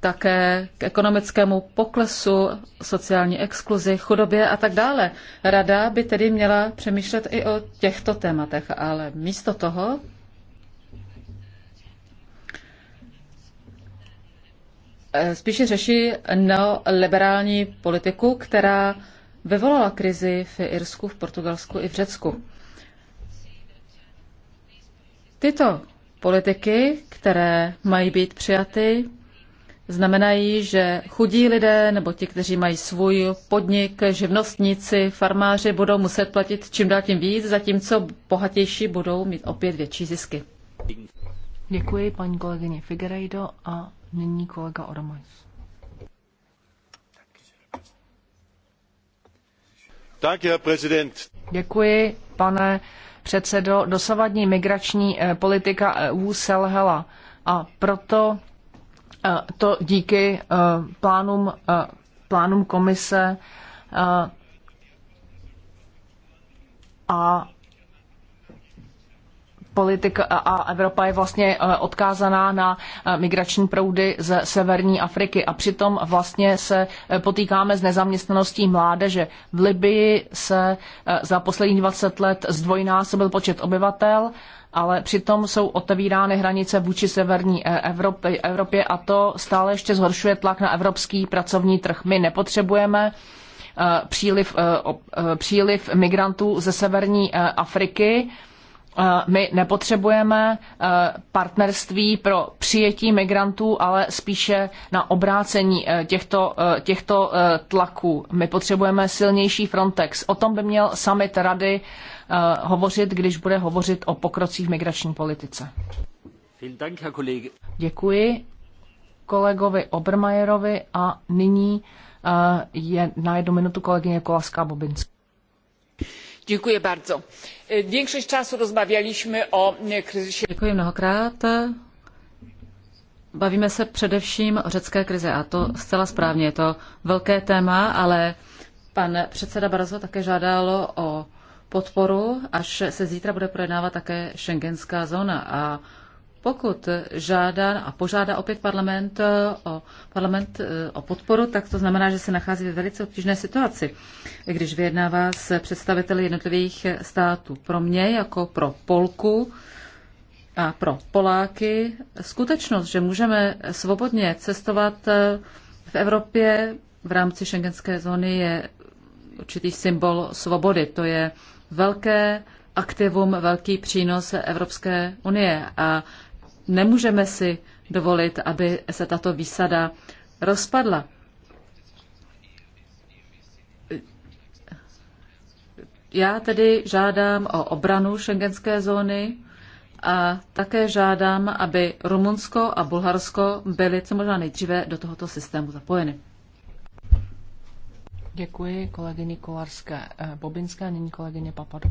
S1: také k ekonomickému poklesu, sociální exkluzi, chudobě a tak dále. Rada by tedy měla přemýšlet i o těchto tématech, ale místo toho eh, spíše řeší neoliberální politiku, která vyvolala krizi v Irsku, v Portugalsku i v Řecku. Tyto politiky, které mají být přijaty, znamenají, že chudí lidé nebo ti, kteří mají svůj podnik, živnostníci, farmáři budou muset platit čím dál tím víc, zatímco bohatější budou mít opět větší zisky.
S3: Děkuji paní kolegyně Figueiredo a nyní kolega Oromajs. Tak, Děkuji, pane předsedo. Dosavadní migrační eh, politika EU selhala a proto Eh, to díky eh, plánům, eh, plánům komise a politika a Evropa je vlastně odkázaná na migrační proudy ze severní Afriky a přitom vlastně se potýkáme s nezaměstnaností mládeže. V Libii se za posledních 20 let zdvojnásobil počet obyvatel ale přitom jsou otevírány hranice vůči severní eh, Evropy, Evropě a to stále ještě zhoršuje tlak na evropský pracovní trh. My nepotřebujeme eh, příliv, eh, příliv migrantů ze severní Afriky. My nepotřebujeme partnerství pro přijetí migrantů, ale spíše na obrácení těchto, těchto tlaků. My potřebujeme silnější Frontex. O tom by měl summit rady Eh, hovořit, když bude hovořit o pokrocích v migrační politice. Děkuji kolegovi Obermajerovi a nyní eh, je na jednu minutu kolegyně Kolaská Bobinská. Děkuji bardzo. Większość czasu rozmawialiśmy o e, kryzysie.
S1: Děkuji mnohokrát. Bavíme se především o řecké krize a to zcela správně. Je to velké téma, ale pan předseda Barzo také žádalo o podporu, až se zítra bude projednávat také šengenská zóna. A pokud žádá a požádá opět parlament eh, o, parlament eh, o podporu, tak to znamená, že se nachází ve velice obtížné situaci, když vyjednává s představiteli jednotlivých států. Pro mě, jako pro Polku a pro Poláky, skutečnost, že můžeme svobodně cestovat eh, v Evropě v rámci šengenské zóny je určitý symbol svobody. To je velké aktivum, velký přínos Evropské unie a nemůžeme si dovolit, aby se tato výsada rozpadla. Já tedy žádám o obranu šengenské zóny a také žádám, aby Rumunsko a Bulharsko byly co možná nejdříve do tohoto systému zapojeny.
S3: Děkuji kolegyni Kolarské eh, Bobinské, nyní kolegyně Papadu.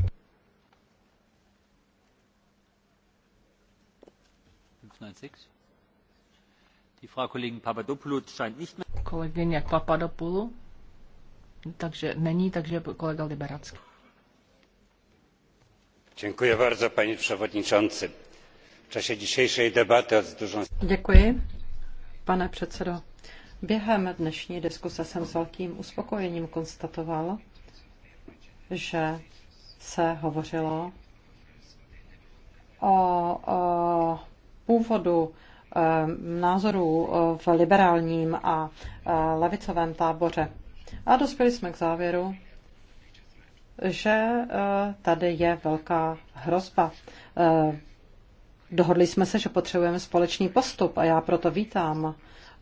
S3: Kolegyně Papadopoulou, takže není, takže kolega Liberacký.
S4: Děkuji bardzo, paní předsedající. V čase dzisiejszej debaty z dużą...
S2: Děkuji, pane předsedo. Během dnešní diskuse jsem s velkým uspokojením konstatoval, že se hovořilo o, o původu názorů v liberálním a e, levicovém táboře. A dospěli jsme k závěru, že e, tady je velká hrozba. E, dohodli jsme se, že potřebujeme společný postup a já proto vítám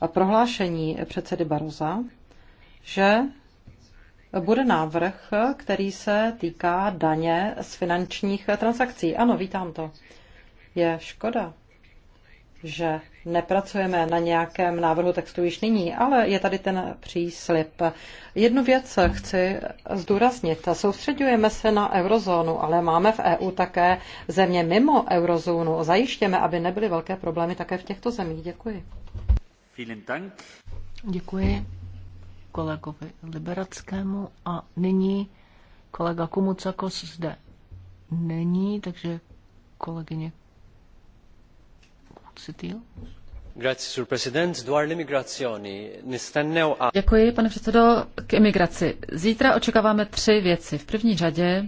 S2: prohlášení předsedy Baroza, že bude návrh, který se týká daně z finančních transakcí. Ano, vítám to. Je škoda, že nepracujeme na nějakém návrhu textu již nyní, ale je tady ten příslip. Jednu věc chci zdůraznit. Soustředujeme se na eurozónu, ale máme v EU také země mimo eurozónu. Zajištěme, aby nebyly velké problémy také v těchto zemích. Děkuji. Děkuji kolegovi Liberackému a nyní kolega
S3: Kumucakos zde není, takže kolegyně
S4: Kucitil. Děkuji,
S1: pane předsedo, k imigraci. Zítra očekáváme tři věci. V první řadě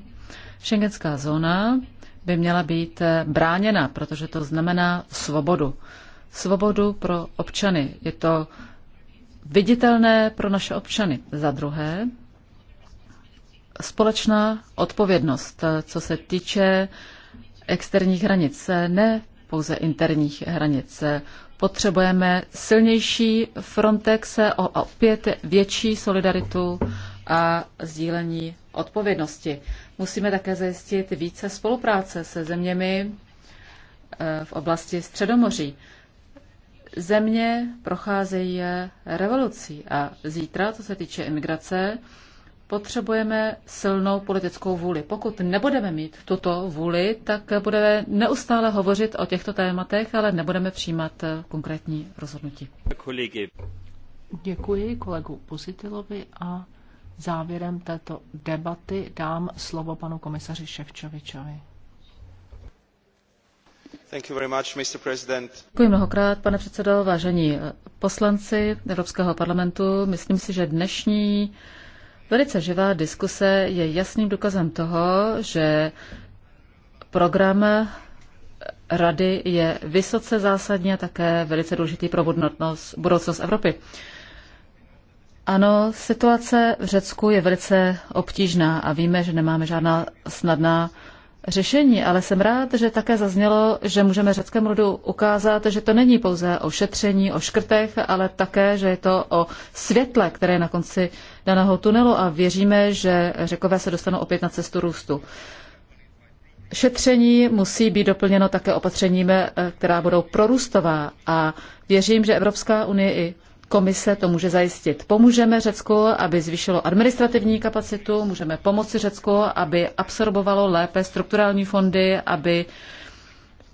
S1: šengenská zóna by měla být bráněna, protože to znamená svobodu svobodu pro občany. Je to viditelné pro naše občany. Za druhé, společná odpovědnost, co se týče externích hranic, ne pouze interních hranic. Potřebujeme silnější Frontex o opět větší solidaritu a sdílení odpovědnosti. Musíme také zajistit více spolupráce se zeměmi eh, v oblasti Středomoří země procházejí revolucí a zítra, co se týče imigrace, potřebujeme silnou politickou vůli. Pokud nebudeme mít tuto vůli, tak budeme neustále hovořit o těchto tématech, ale nebudeme přijímat konkrétní rozhodnutí. Kolegy. Děkuji
S3: kolegu Pozitilovi a závěrem této debaty dám slovo panu komisaři Ševčovičovi.
S1: Děkuji mnohokrát, pane předsedo, vážení eh, poslanci Evropského parlamentu. Myslím si, že dnešní velice živá diskuse je jasným důkazem toho, že program Rady je vysoce a také velice důležitý pro budoucnost Evropy. Ano, situace v Řecku je velice obtížná a víme, že nemáme žádná snadná řešení, ale jsem rád, že také zaznělo, že můžeme řeckému lidu ukázat, že to není pouze o šetření, o škrtech, ale také, že je to o světle, které je na konci daného tunelu a věříme, že řekové se dostanou opět na cestu růstu. Šetření musí být doplněno také opatřeními, eh, která budou prorůstová a věřím, že Evropská unie i Komise to může zajistit. Pomůžeme Řecku, aby zvýšilo administrativní kapacitu, můžeme pomoci Řecku, aby absorbovalo lépe strukturální fondy, aby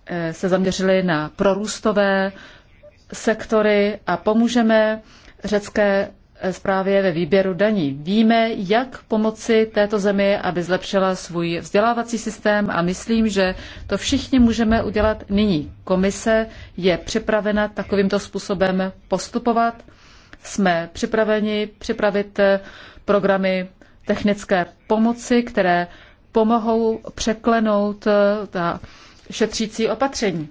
S1: eh, se zaměřili na prorůstové sektory a pomůžeme řecké právě ve výběru daní. Víme, jak pomoci této zemi, aby zlepšila svůj vzdělávací systém a myslím, že to všichni můžeme udělat nyní. Komise je připravena takovýmto způsobem postupovat. Jsme připraveni připravit eh, programy technické pomoci, které pomohou překlenout eh, ta šetřící opatření.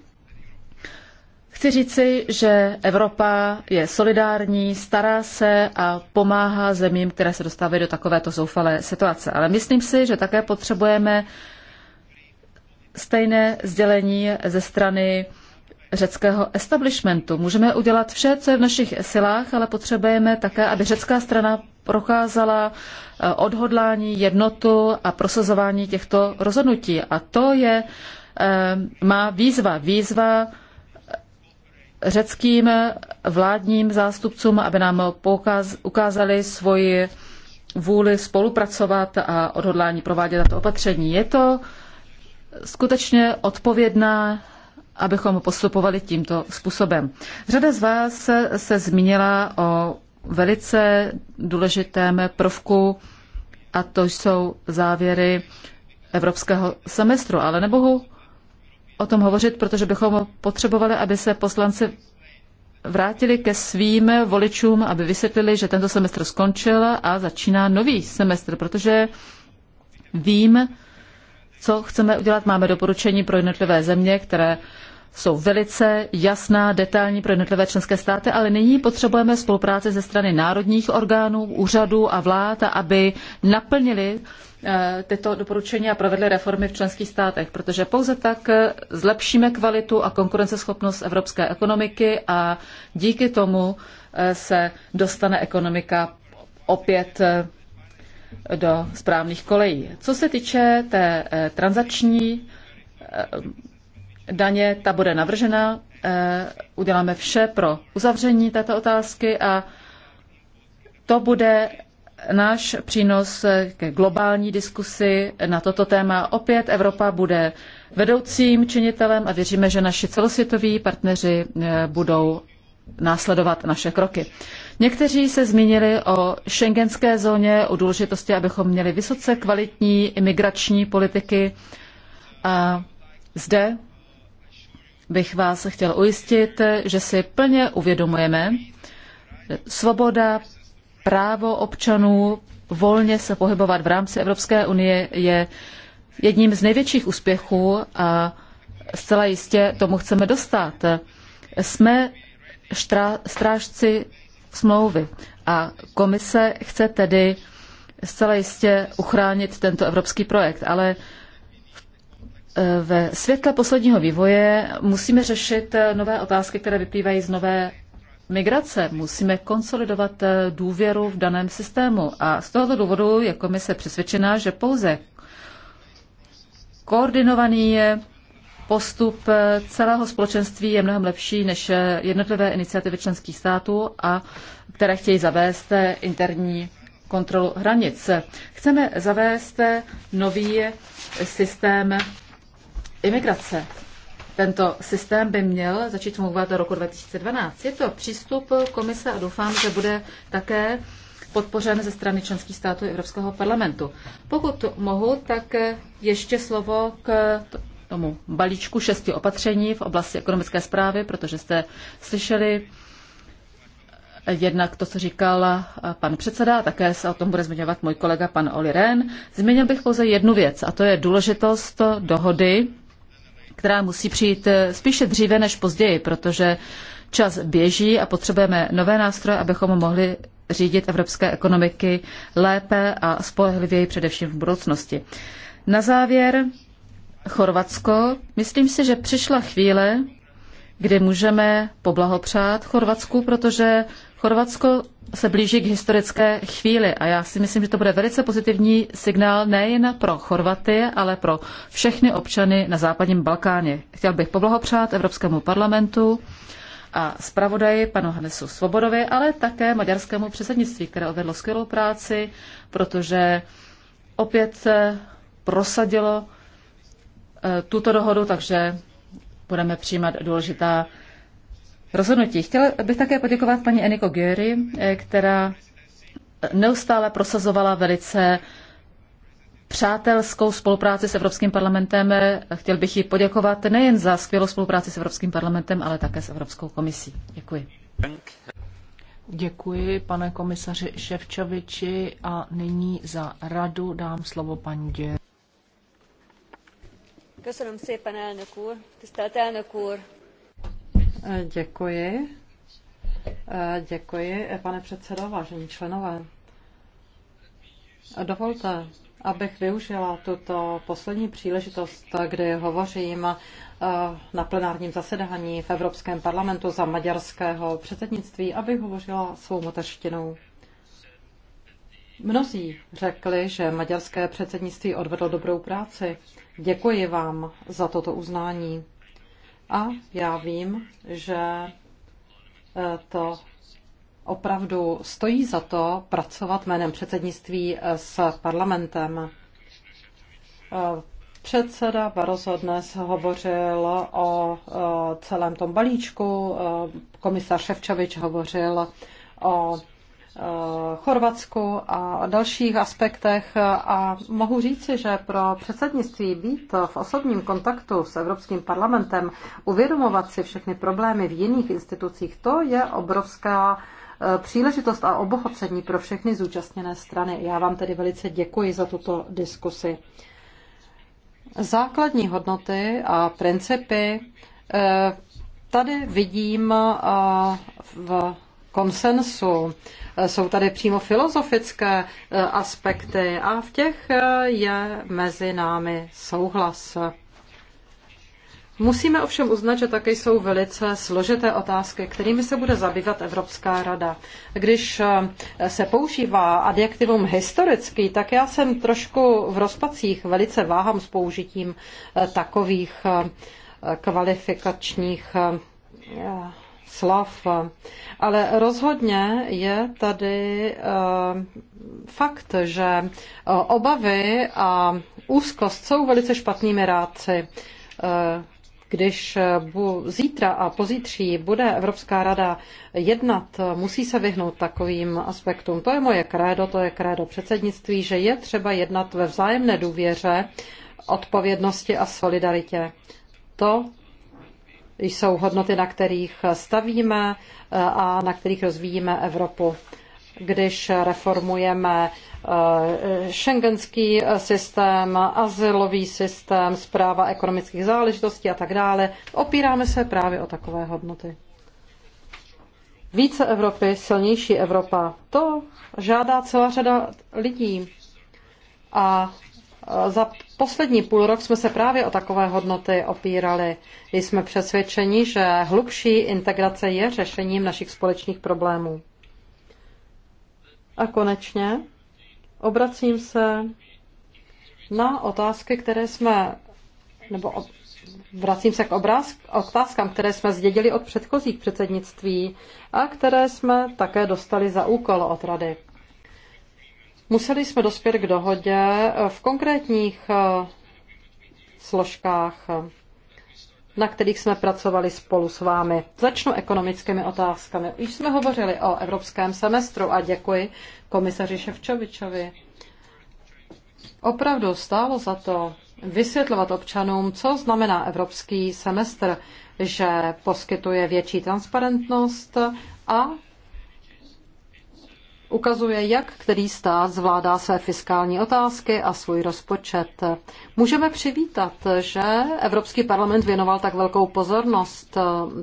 S1: Chci říci, že Evropa je solidární, stará se a pomáhá zemím, které se dostávají do takovéto zoufalé situace. Ale myslím si, že také potřebujeme stejné sdělení ze strany řeckého establishmentu. Můžeme udělat vše, co je v našich silách, ale potřebujeme také, aby řecká strana prokázala eh, odhodlání, jednotu a prosazování těchto rozhodnutí. A to je eh, má výzva. Výzva řeckým vládním zástupcům, aby nám poukaz, ukázali svoji vůli spolupracovat a odhodlání provádět tato opatření. Je to skutečně odpovědná, abychom postupovali tímto způsobem. Řada z vás se zmínila o velice důležitém prvku a to jsou závěry evropského semestru, ale nebohu? o tom hovořit, protože bychom potřebovali, aby se poslanci vrátili ke svým voličům, aby vysvětlili, že tento semestr skončil a začíná nový semestr, protože vím, co chceme udělat. Máme doporučení pro jednotlivé země, které jsou velice jasná, detailní pro jednotlivé členské státy, ale nyní potřebujeme spolupráci ze strany národních orgánů, úřadů a vlád, aby naplnili Eh, tyto doporučení a provedli reformy v členských státech, protože pouze tak eh, zlepšíme kvalitu a konkurenceschopnost evropské ekonomiky a díky tomu eh, se dostane ekonomika opět do správných kolejí. Co se týče té transační daně, ta bude navržena. Uděláme vše pro uzavření této otázky a to bude náš přínos ke globální diskusi na toto téma. Opět Evropa bude vedoucím činitelem a věříme, že naši celosvětoví partneři eh, budou následovat naše kroky. Někteří se zmínili o šengenské zóně, o důležitosti, abychom měli vysoce kvalitní imigrační politiky. A zde bych vás chtěl ujistit, že si plně uvědomujeme, svoboda, právo občanů volně se pohybovat v rámci Evropské unie je jedním z největších úspěchů a zcela jistě tomu chceme dostat. Jsme štra, strážci smlouvy a komise chce tedy zcela jistě uchránit tento evropský projekt, ale ve světle posledního vývoje musíme řešit nové otázky, které vyplývají z nové migrace, musíme konsolidovat eh, důvěru v daném systému. A z tohoto důvodu je komise přesvědčená, že pouze koordinovaný postup eh, celého společenství je mnohem lepší než eh, jednotlivé iniciativy členských států, a které chtějí zavést interní kontrolu hranic. Chceme zavést nový systém imigrace. Tento systém by měl začít fungovat do roku 2012. Je to přístup komise a doufám, že bude také podpořen ze strany členských států Evropského parlamentu. Pokud mohu, tak ještě slovo k tomu balíčku šesti opatření v oblasti ekonomické zprávy, protože jste slyšeli jednak to, co říkal pan předseda, a také se o tom bude zmiňovat můj kolega pan Oli Ren. Zmínil bych pouze jednu věc, a to je důležitost dohody která musí přijít eh, spíše dříve než později, protože čas běží a potřebujeme nové nástroje, abychom mohli řídit evropské ekonomiky lépe a spolehlivěji především v budoucnosti. Na závěr Chorvatsko. Myslím si, že přišla chvíle, kdy můžeme poblahopřát Chorvatsku, protože Chorvatsko se blíží k historické chvíli a já si myslím, že to bude velice pozitivní signál nejen pro Chorvaty, ale pro všechny občany na západním Balkáně. Chtěl bych poblahopřát Evropskému parlamentu a zpravodaji panu Hanesu Svobodovi, ale také maďarskému předsednictví, které odvedlo skvělou práci, protože opět prosadilo eh, tuto dohodu, takže budeme přijímat důležitá rozhodnutí. Chtěla bych také poděkovat paní Eniko Göry, eh, která neustále prosazovala velice přátelskou spolupráci s Evropským parlamentem. Chtěl bych jí poděkovat nejen za skvělou spolupráci s Evropským
S3: parlamentem, ale také s Evropskou komisí. Děkuji. Děkuji, pane komisaři Ševčoviči, a nyní za radu dám slovo paní Dě.
S4: Köszönöm szépen, elnök úr, tisztelt elnök úr,
S2: Děkuji. Eh, děkuji, pane předsedo, vážení členové. Dovolte, abych využila tuto poslední příležitost, kdy hovořím eh, na plenárním zasedání v Evropském parlamentu za maďarského předsednictví, abych hovořila svou mateřštinou. Mnozí řekli, že maďarské předsednictví odvedlo dobrou práci. Děkuji vám za toto uznání. A já vím, že eh, to opravdu stojí za to pracovat jménem předsednictví eh, s parlamentem. Eh, předseda Barozo dnes hovořil o celém tom balíčku, komisař Ševčovič hovořil o Eh, Chorvatsku a dalších aspektech a mohu říci, že pro předsednictví být v osobním kontaktu s Evropským parlamentem, uvědomovat si všechny problémy v jiných institucích, to je obrovská eh, příležitost a obohacení pro všechny zúčastněné strany. Já vám tedy velice děkuji za tuto diskusi. Základní hodnoty a principy eh, tady vidím v konsensu. Jsou tady přímo filozofické eh, aspekty a v těch eh, je mezi námi souhlas. Musíme ovšem uznat, že také jsou velice složité otázky, kterými se bude zabývat Evropská rada. Když eh, se používá adjektivum historický, tak já jsem trošku v rozpacích, velice váhám s použitím takových kvalifikačních Slav. Ale rozhodně je tady eh, fakt, že eh, obavy a úzkost jsou velice špatnými rádci. Eh, když zítra a pozítří bude Evropská rada jednat, musí se vyhnout takovým aspektům. To je moje krédo, to je krédo předsednictví, že je třeba jednat ve vzájemné důvěře, odpovědnosti a solidaritě. To jsou hodnoty, na kterých stavíme eh, a na kterých rozvíjíme Evropu. Když reformujeme eh, šengenský eh, systém, azylový systém, zpráva ekonomických záležitostí a tak dále, opíráme se právě o takové hodnoty. Více Evropy, silnější Evropa, to žádá celá řada lidí. A za poslední půl rok jsme se právě o takové hodnoty opírali. Jsme přesvědčeni, že hlubší integrace je řešením našich společných problémů. A konečně obracím se na otázky, které jsme, nebo vracím se k obrázk, otázkám, které jsme zdědili od předchozích předsednictví a které jsme také dostali za úkol od Rady. Museli jsme dospět k dohodě eh, v konkrétních eh, složkách, eh, na kterých jsme pracovali spolu s vámi. Začnu ekonomickými otázkami. Už jsme hovořili o evropském semestru a děkuji komisaři Ševčovičovi. Opravdu stálo za to vysvětlovat občanům, co znamená evropský semestr, že poskytuje větší transparentnost a ukazuje, jak který stát zvládá své fiskální otázky a svůj rozpočet. Můžeme přivítat, že Evropský parlament věnoval tak velkou pozornost eh,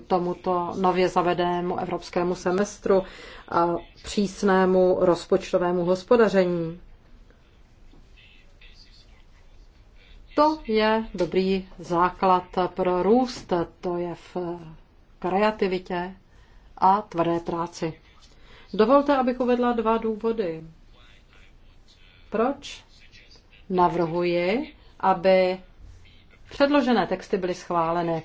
S2: tomuto nově zavedenému evropskému semestru a přísnému rozpočtovému hospodaření. To je dobrý základ pro růst, to je v kreativitě a tvrdé práci. Dovolte, abych uvedla dva důvody. Proč navrhuji, aby předložené texty byly schváleny?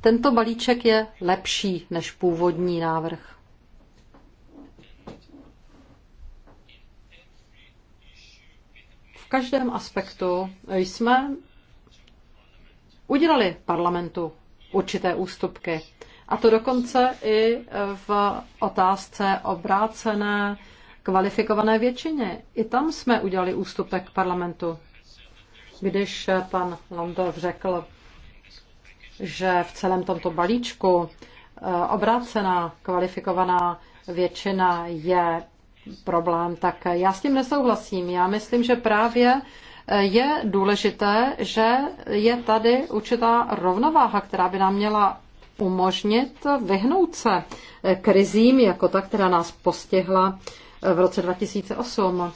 S2: Tento balíček je lepší než původní návrh. V každém aspektu jsme udělali parlamentu určité ústupky. A to dokonce i v otázce obrácené kvalifikované většině. I tam jsme udělali ústupek parlamentu. Když pan Landov řekl, že v celém tomto balíčku eh, obrácená kvalifikovaná většina je problém, tak já s tím nesouhlasím. Já myslím, že právě eh, je důležité, že je tady určitá rovnováha, která by nám měla umožnit vyhnout se krizím, jako ta, která nás postihla v roce 2008.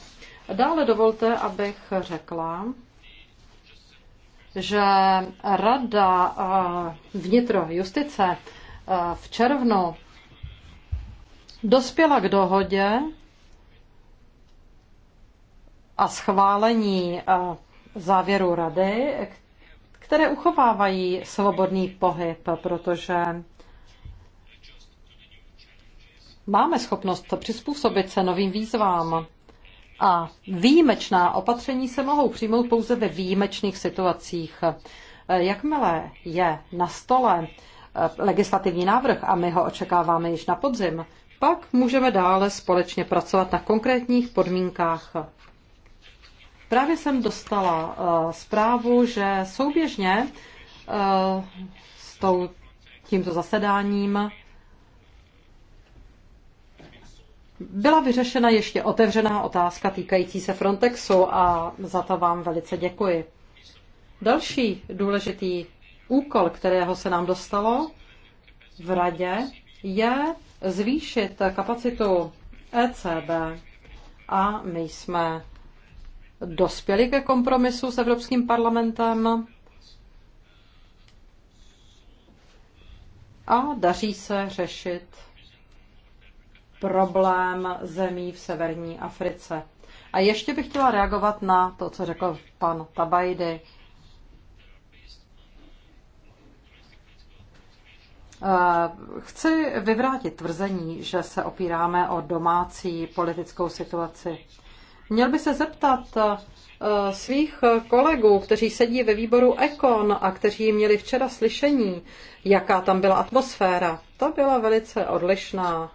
S2: Dále dovolte, abych řekla, že Rada eh, vnitro justice eh, v červnu dospěla k dohodě a schválení eh, závěru Rady, které uchovávají svobodný pohyb, protože máme schopnost přizpůsobit se novým výzvám a výjimečná opatření se mohou přijmout pouze ve výjimečných situacích. Jakmile je na stole eh, legislativní návrh a my ho očekáváme již na podzim, pak můžeme dále společně pracovat na konkrétních podmínkách. Právě jsem dostala eh, zprávu, že souběžně eh, s tou, tímto zasedáním byla vyřešena ještě otevřená otázka týkající se Frontexu a za to vám velice děkuji. Další důležitý úkol, kterého se nám dostalo v radě, je zvýšit kapacitu ECB a my jsme dospěli ke kompromisu s Evropským parlamentem a daří se řešit problém zemí v severní Africe. A ještě bych chtěla reagovat na to, co řekl pan Tabajdy. Eh, chci vyvrátit tvrzení, že se opíráme o domácí politickou situaci. Měl by se zeptat eh, svých kolegů, kteří sedí ve výboru Ekon a kteří měli včera slyšení, jaká tam byla atmosféra. To byla velice odlišná.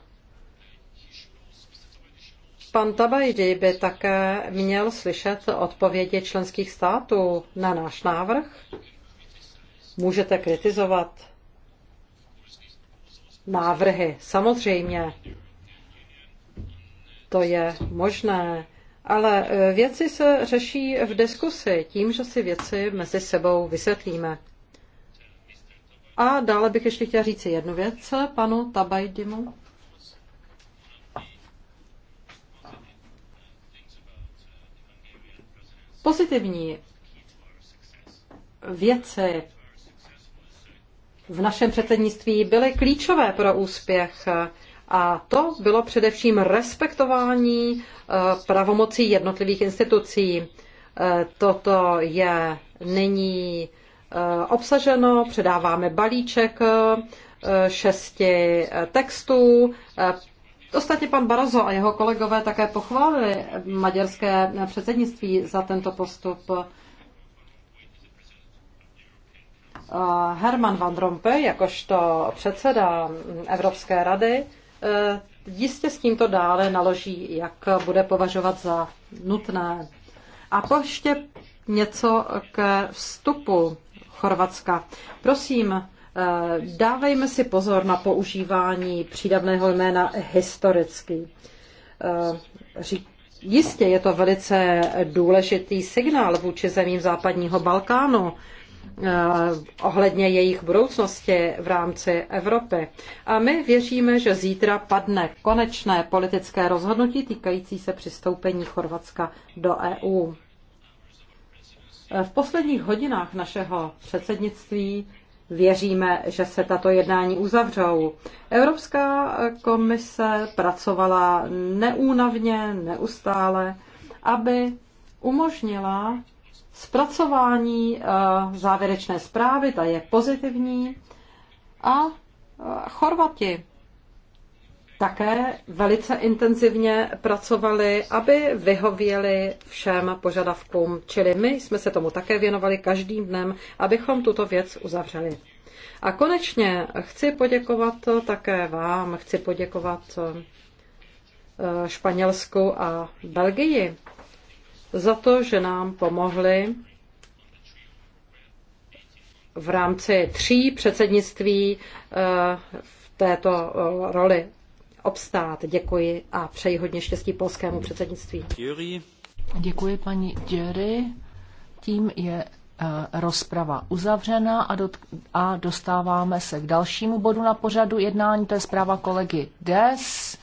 S2: Pan Tabajdi by také měl slyšet odpovědi členských států na náš návrh. Můžete kritizovat návrhy, samozřejmě. To je možné ale e, věci se řeší v diskusi tím, že si věci mezi sebou vysvětlíme. A dále bych ještě chtěla říct jednu věc panu Tabajdimu. Pozitivní věci v našem předsednictví byly klíčové pro úspěch a to bylo především respektování eh, pravomocí jednotlivých institucí. Eh, toto je nyní eh, obsaženo, předáváme balíček šesti textů. Ostatně pan Barozo a jeho kolegové také pochválili maďarské předsednictví za tento postup. Herman van Rompuy, jakožto předseda Evropské rady, Eh, jistě s tímto dále naloží, jak bude považovat za nutné. A po ještě něco k vstupu Chorvatska. Prosím, eh, dávejme si pozor na používání přídavného jména historicky. Eh, jistě je to velice důležitý signál vůči zemím západního Balkánu, Eh, ohledně jejich budoucnosti v rámci Evropy. A my věříme, že zítra padne konečné politické rozhodnutí týkající se přistoupení Chorvatska do EU. V posledních hodinách našeho předsednictví Věříme, že se tato jednání uzavřou. Evropská komise pracovala neúnavně, neustále, aby umožnila zpracování eh, závěrečné zprávy, ta je pozitivní. A eh, Chorvati také velice intenzivně pracovali, aby vyhověli všem požadavkům. Čili my jsme se tomu také věnovali každým dnem, abychom tuto věc uzavřeli. A konečně chci poděkovat také vám, chci poděkovat eh, Španělsku a Belgii za to, že nám pomohli v rámci tří předsednictví eh, v této eh, roli obstát. Děkuji a přeji hodně štěstí polskému předsednictví. Děkuji paní Děry. Tím je
S3: eh, rozprava uzavřena a, do, a dostáváme se k dalšímu bodu na pořadu jednání, to je zpráva kolegy Des.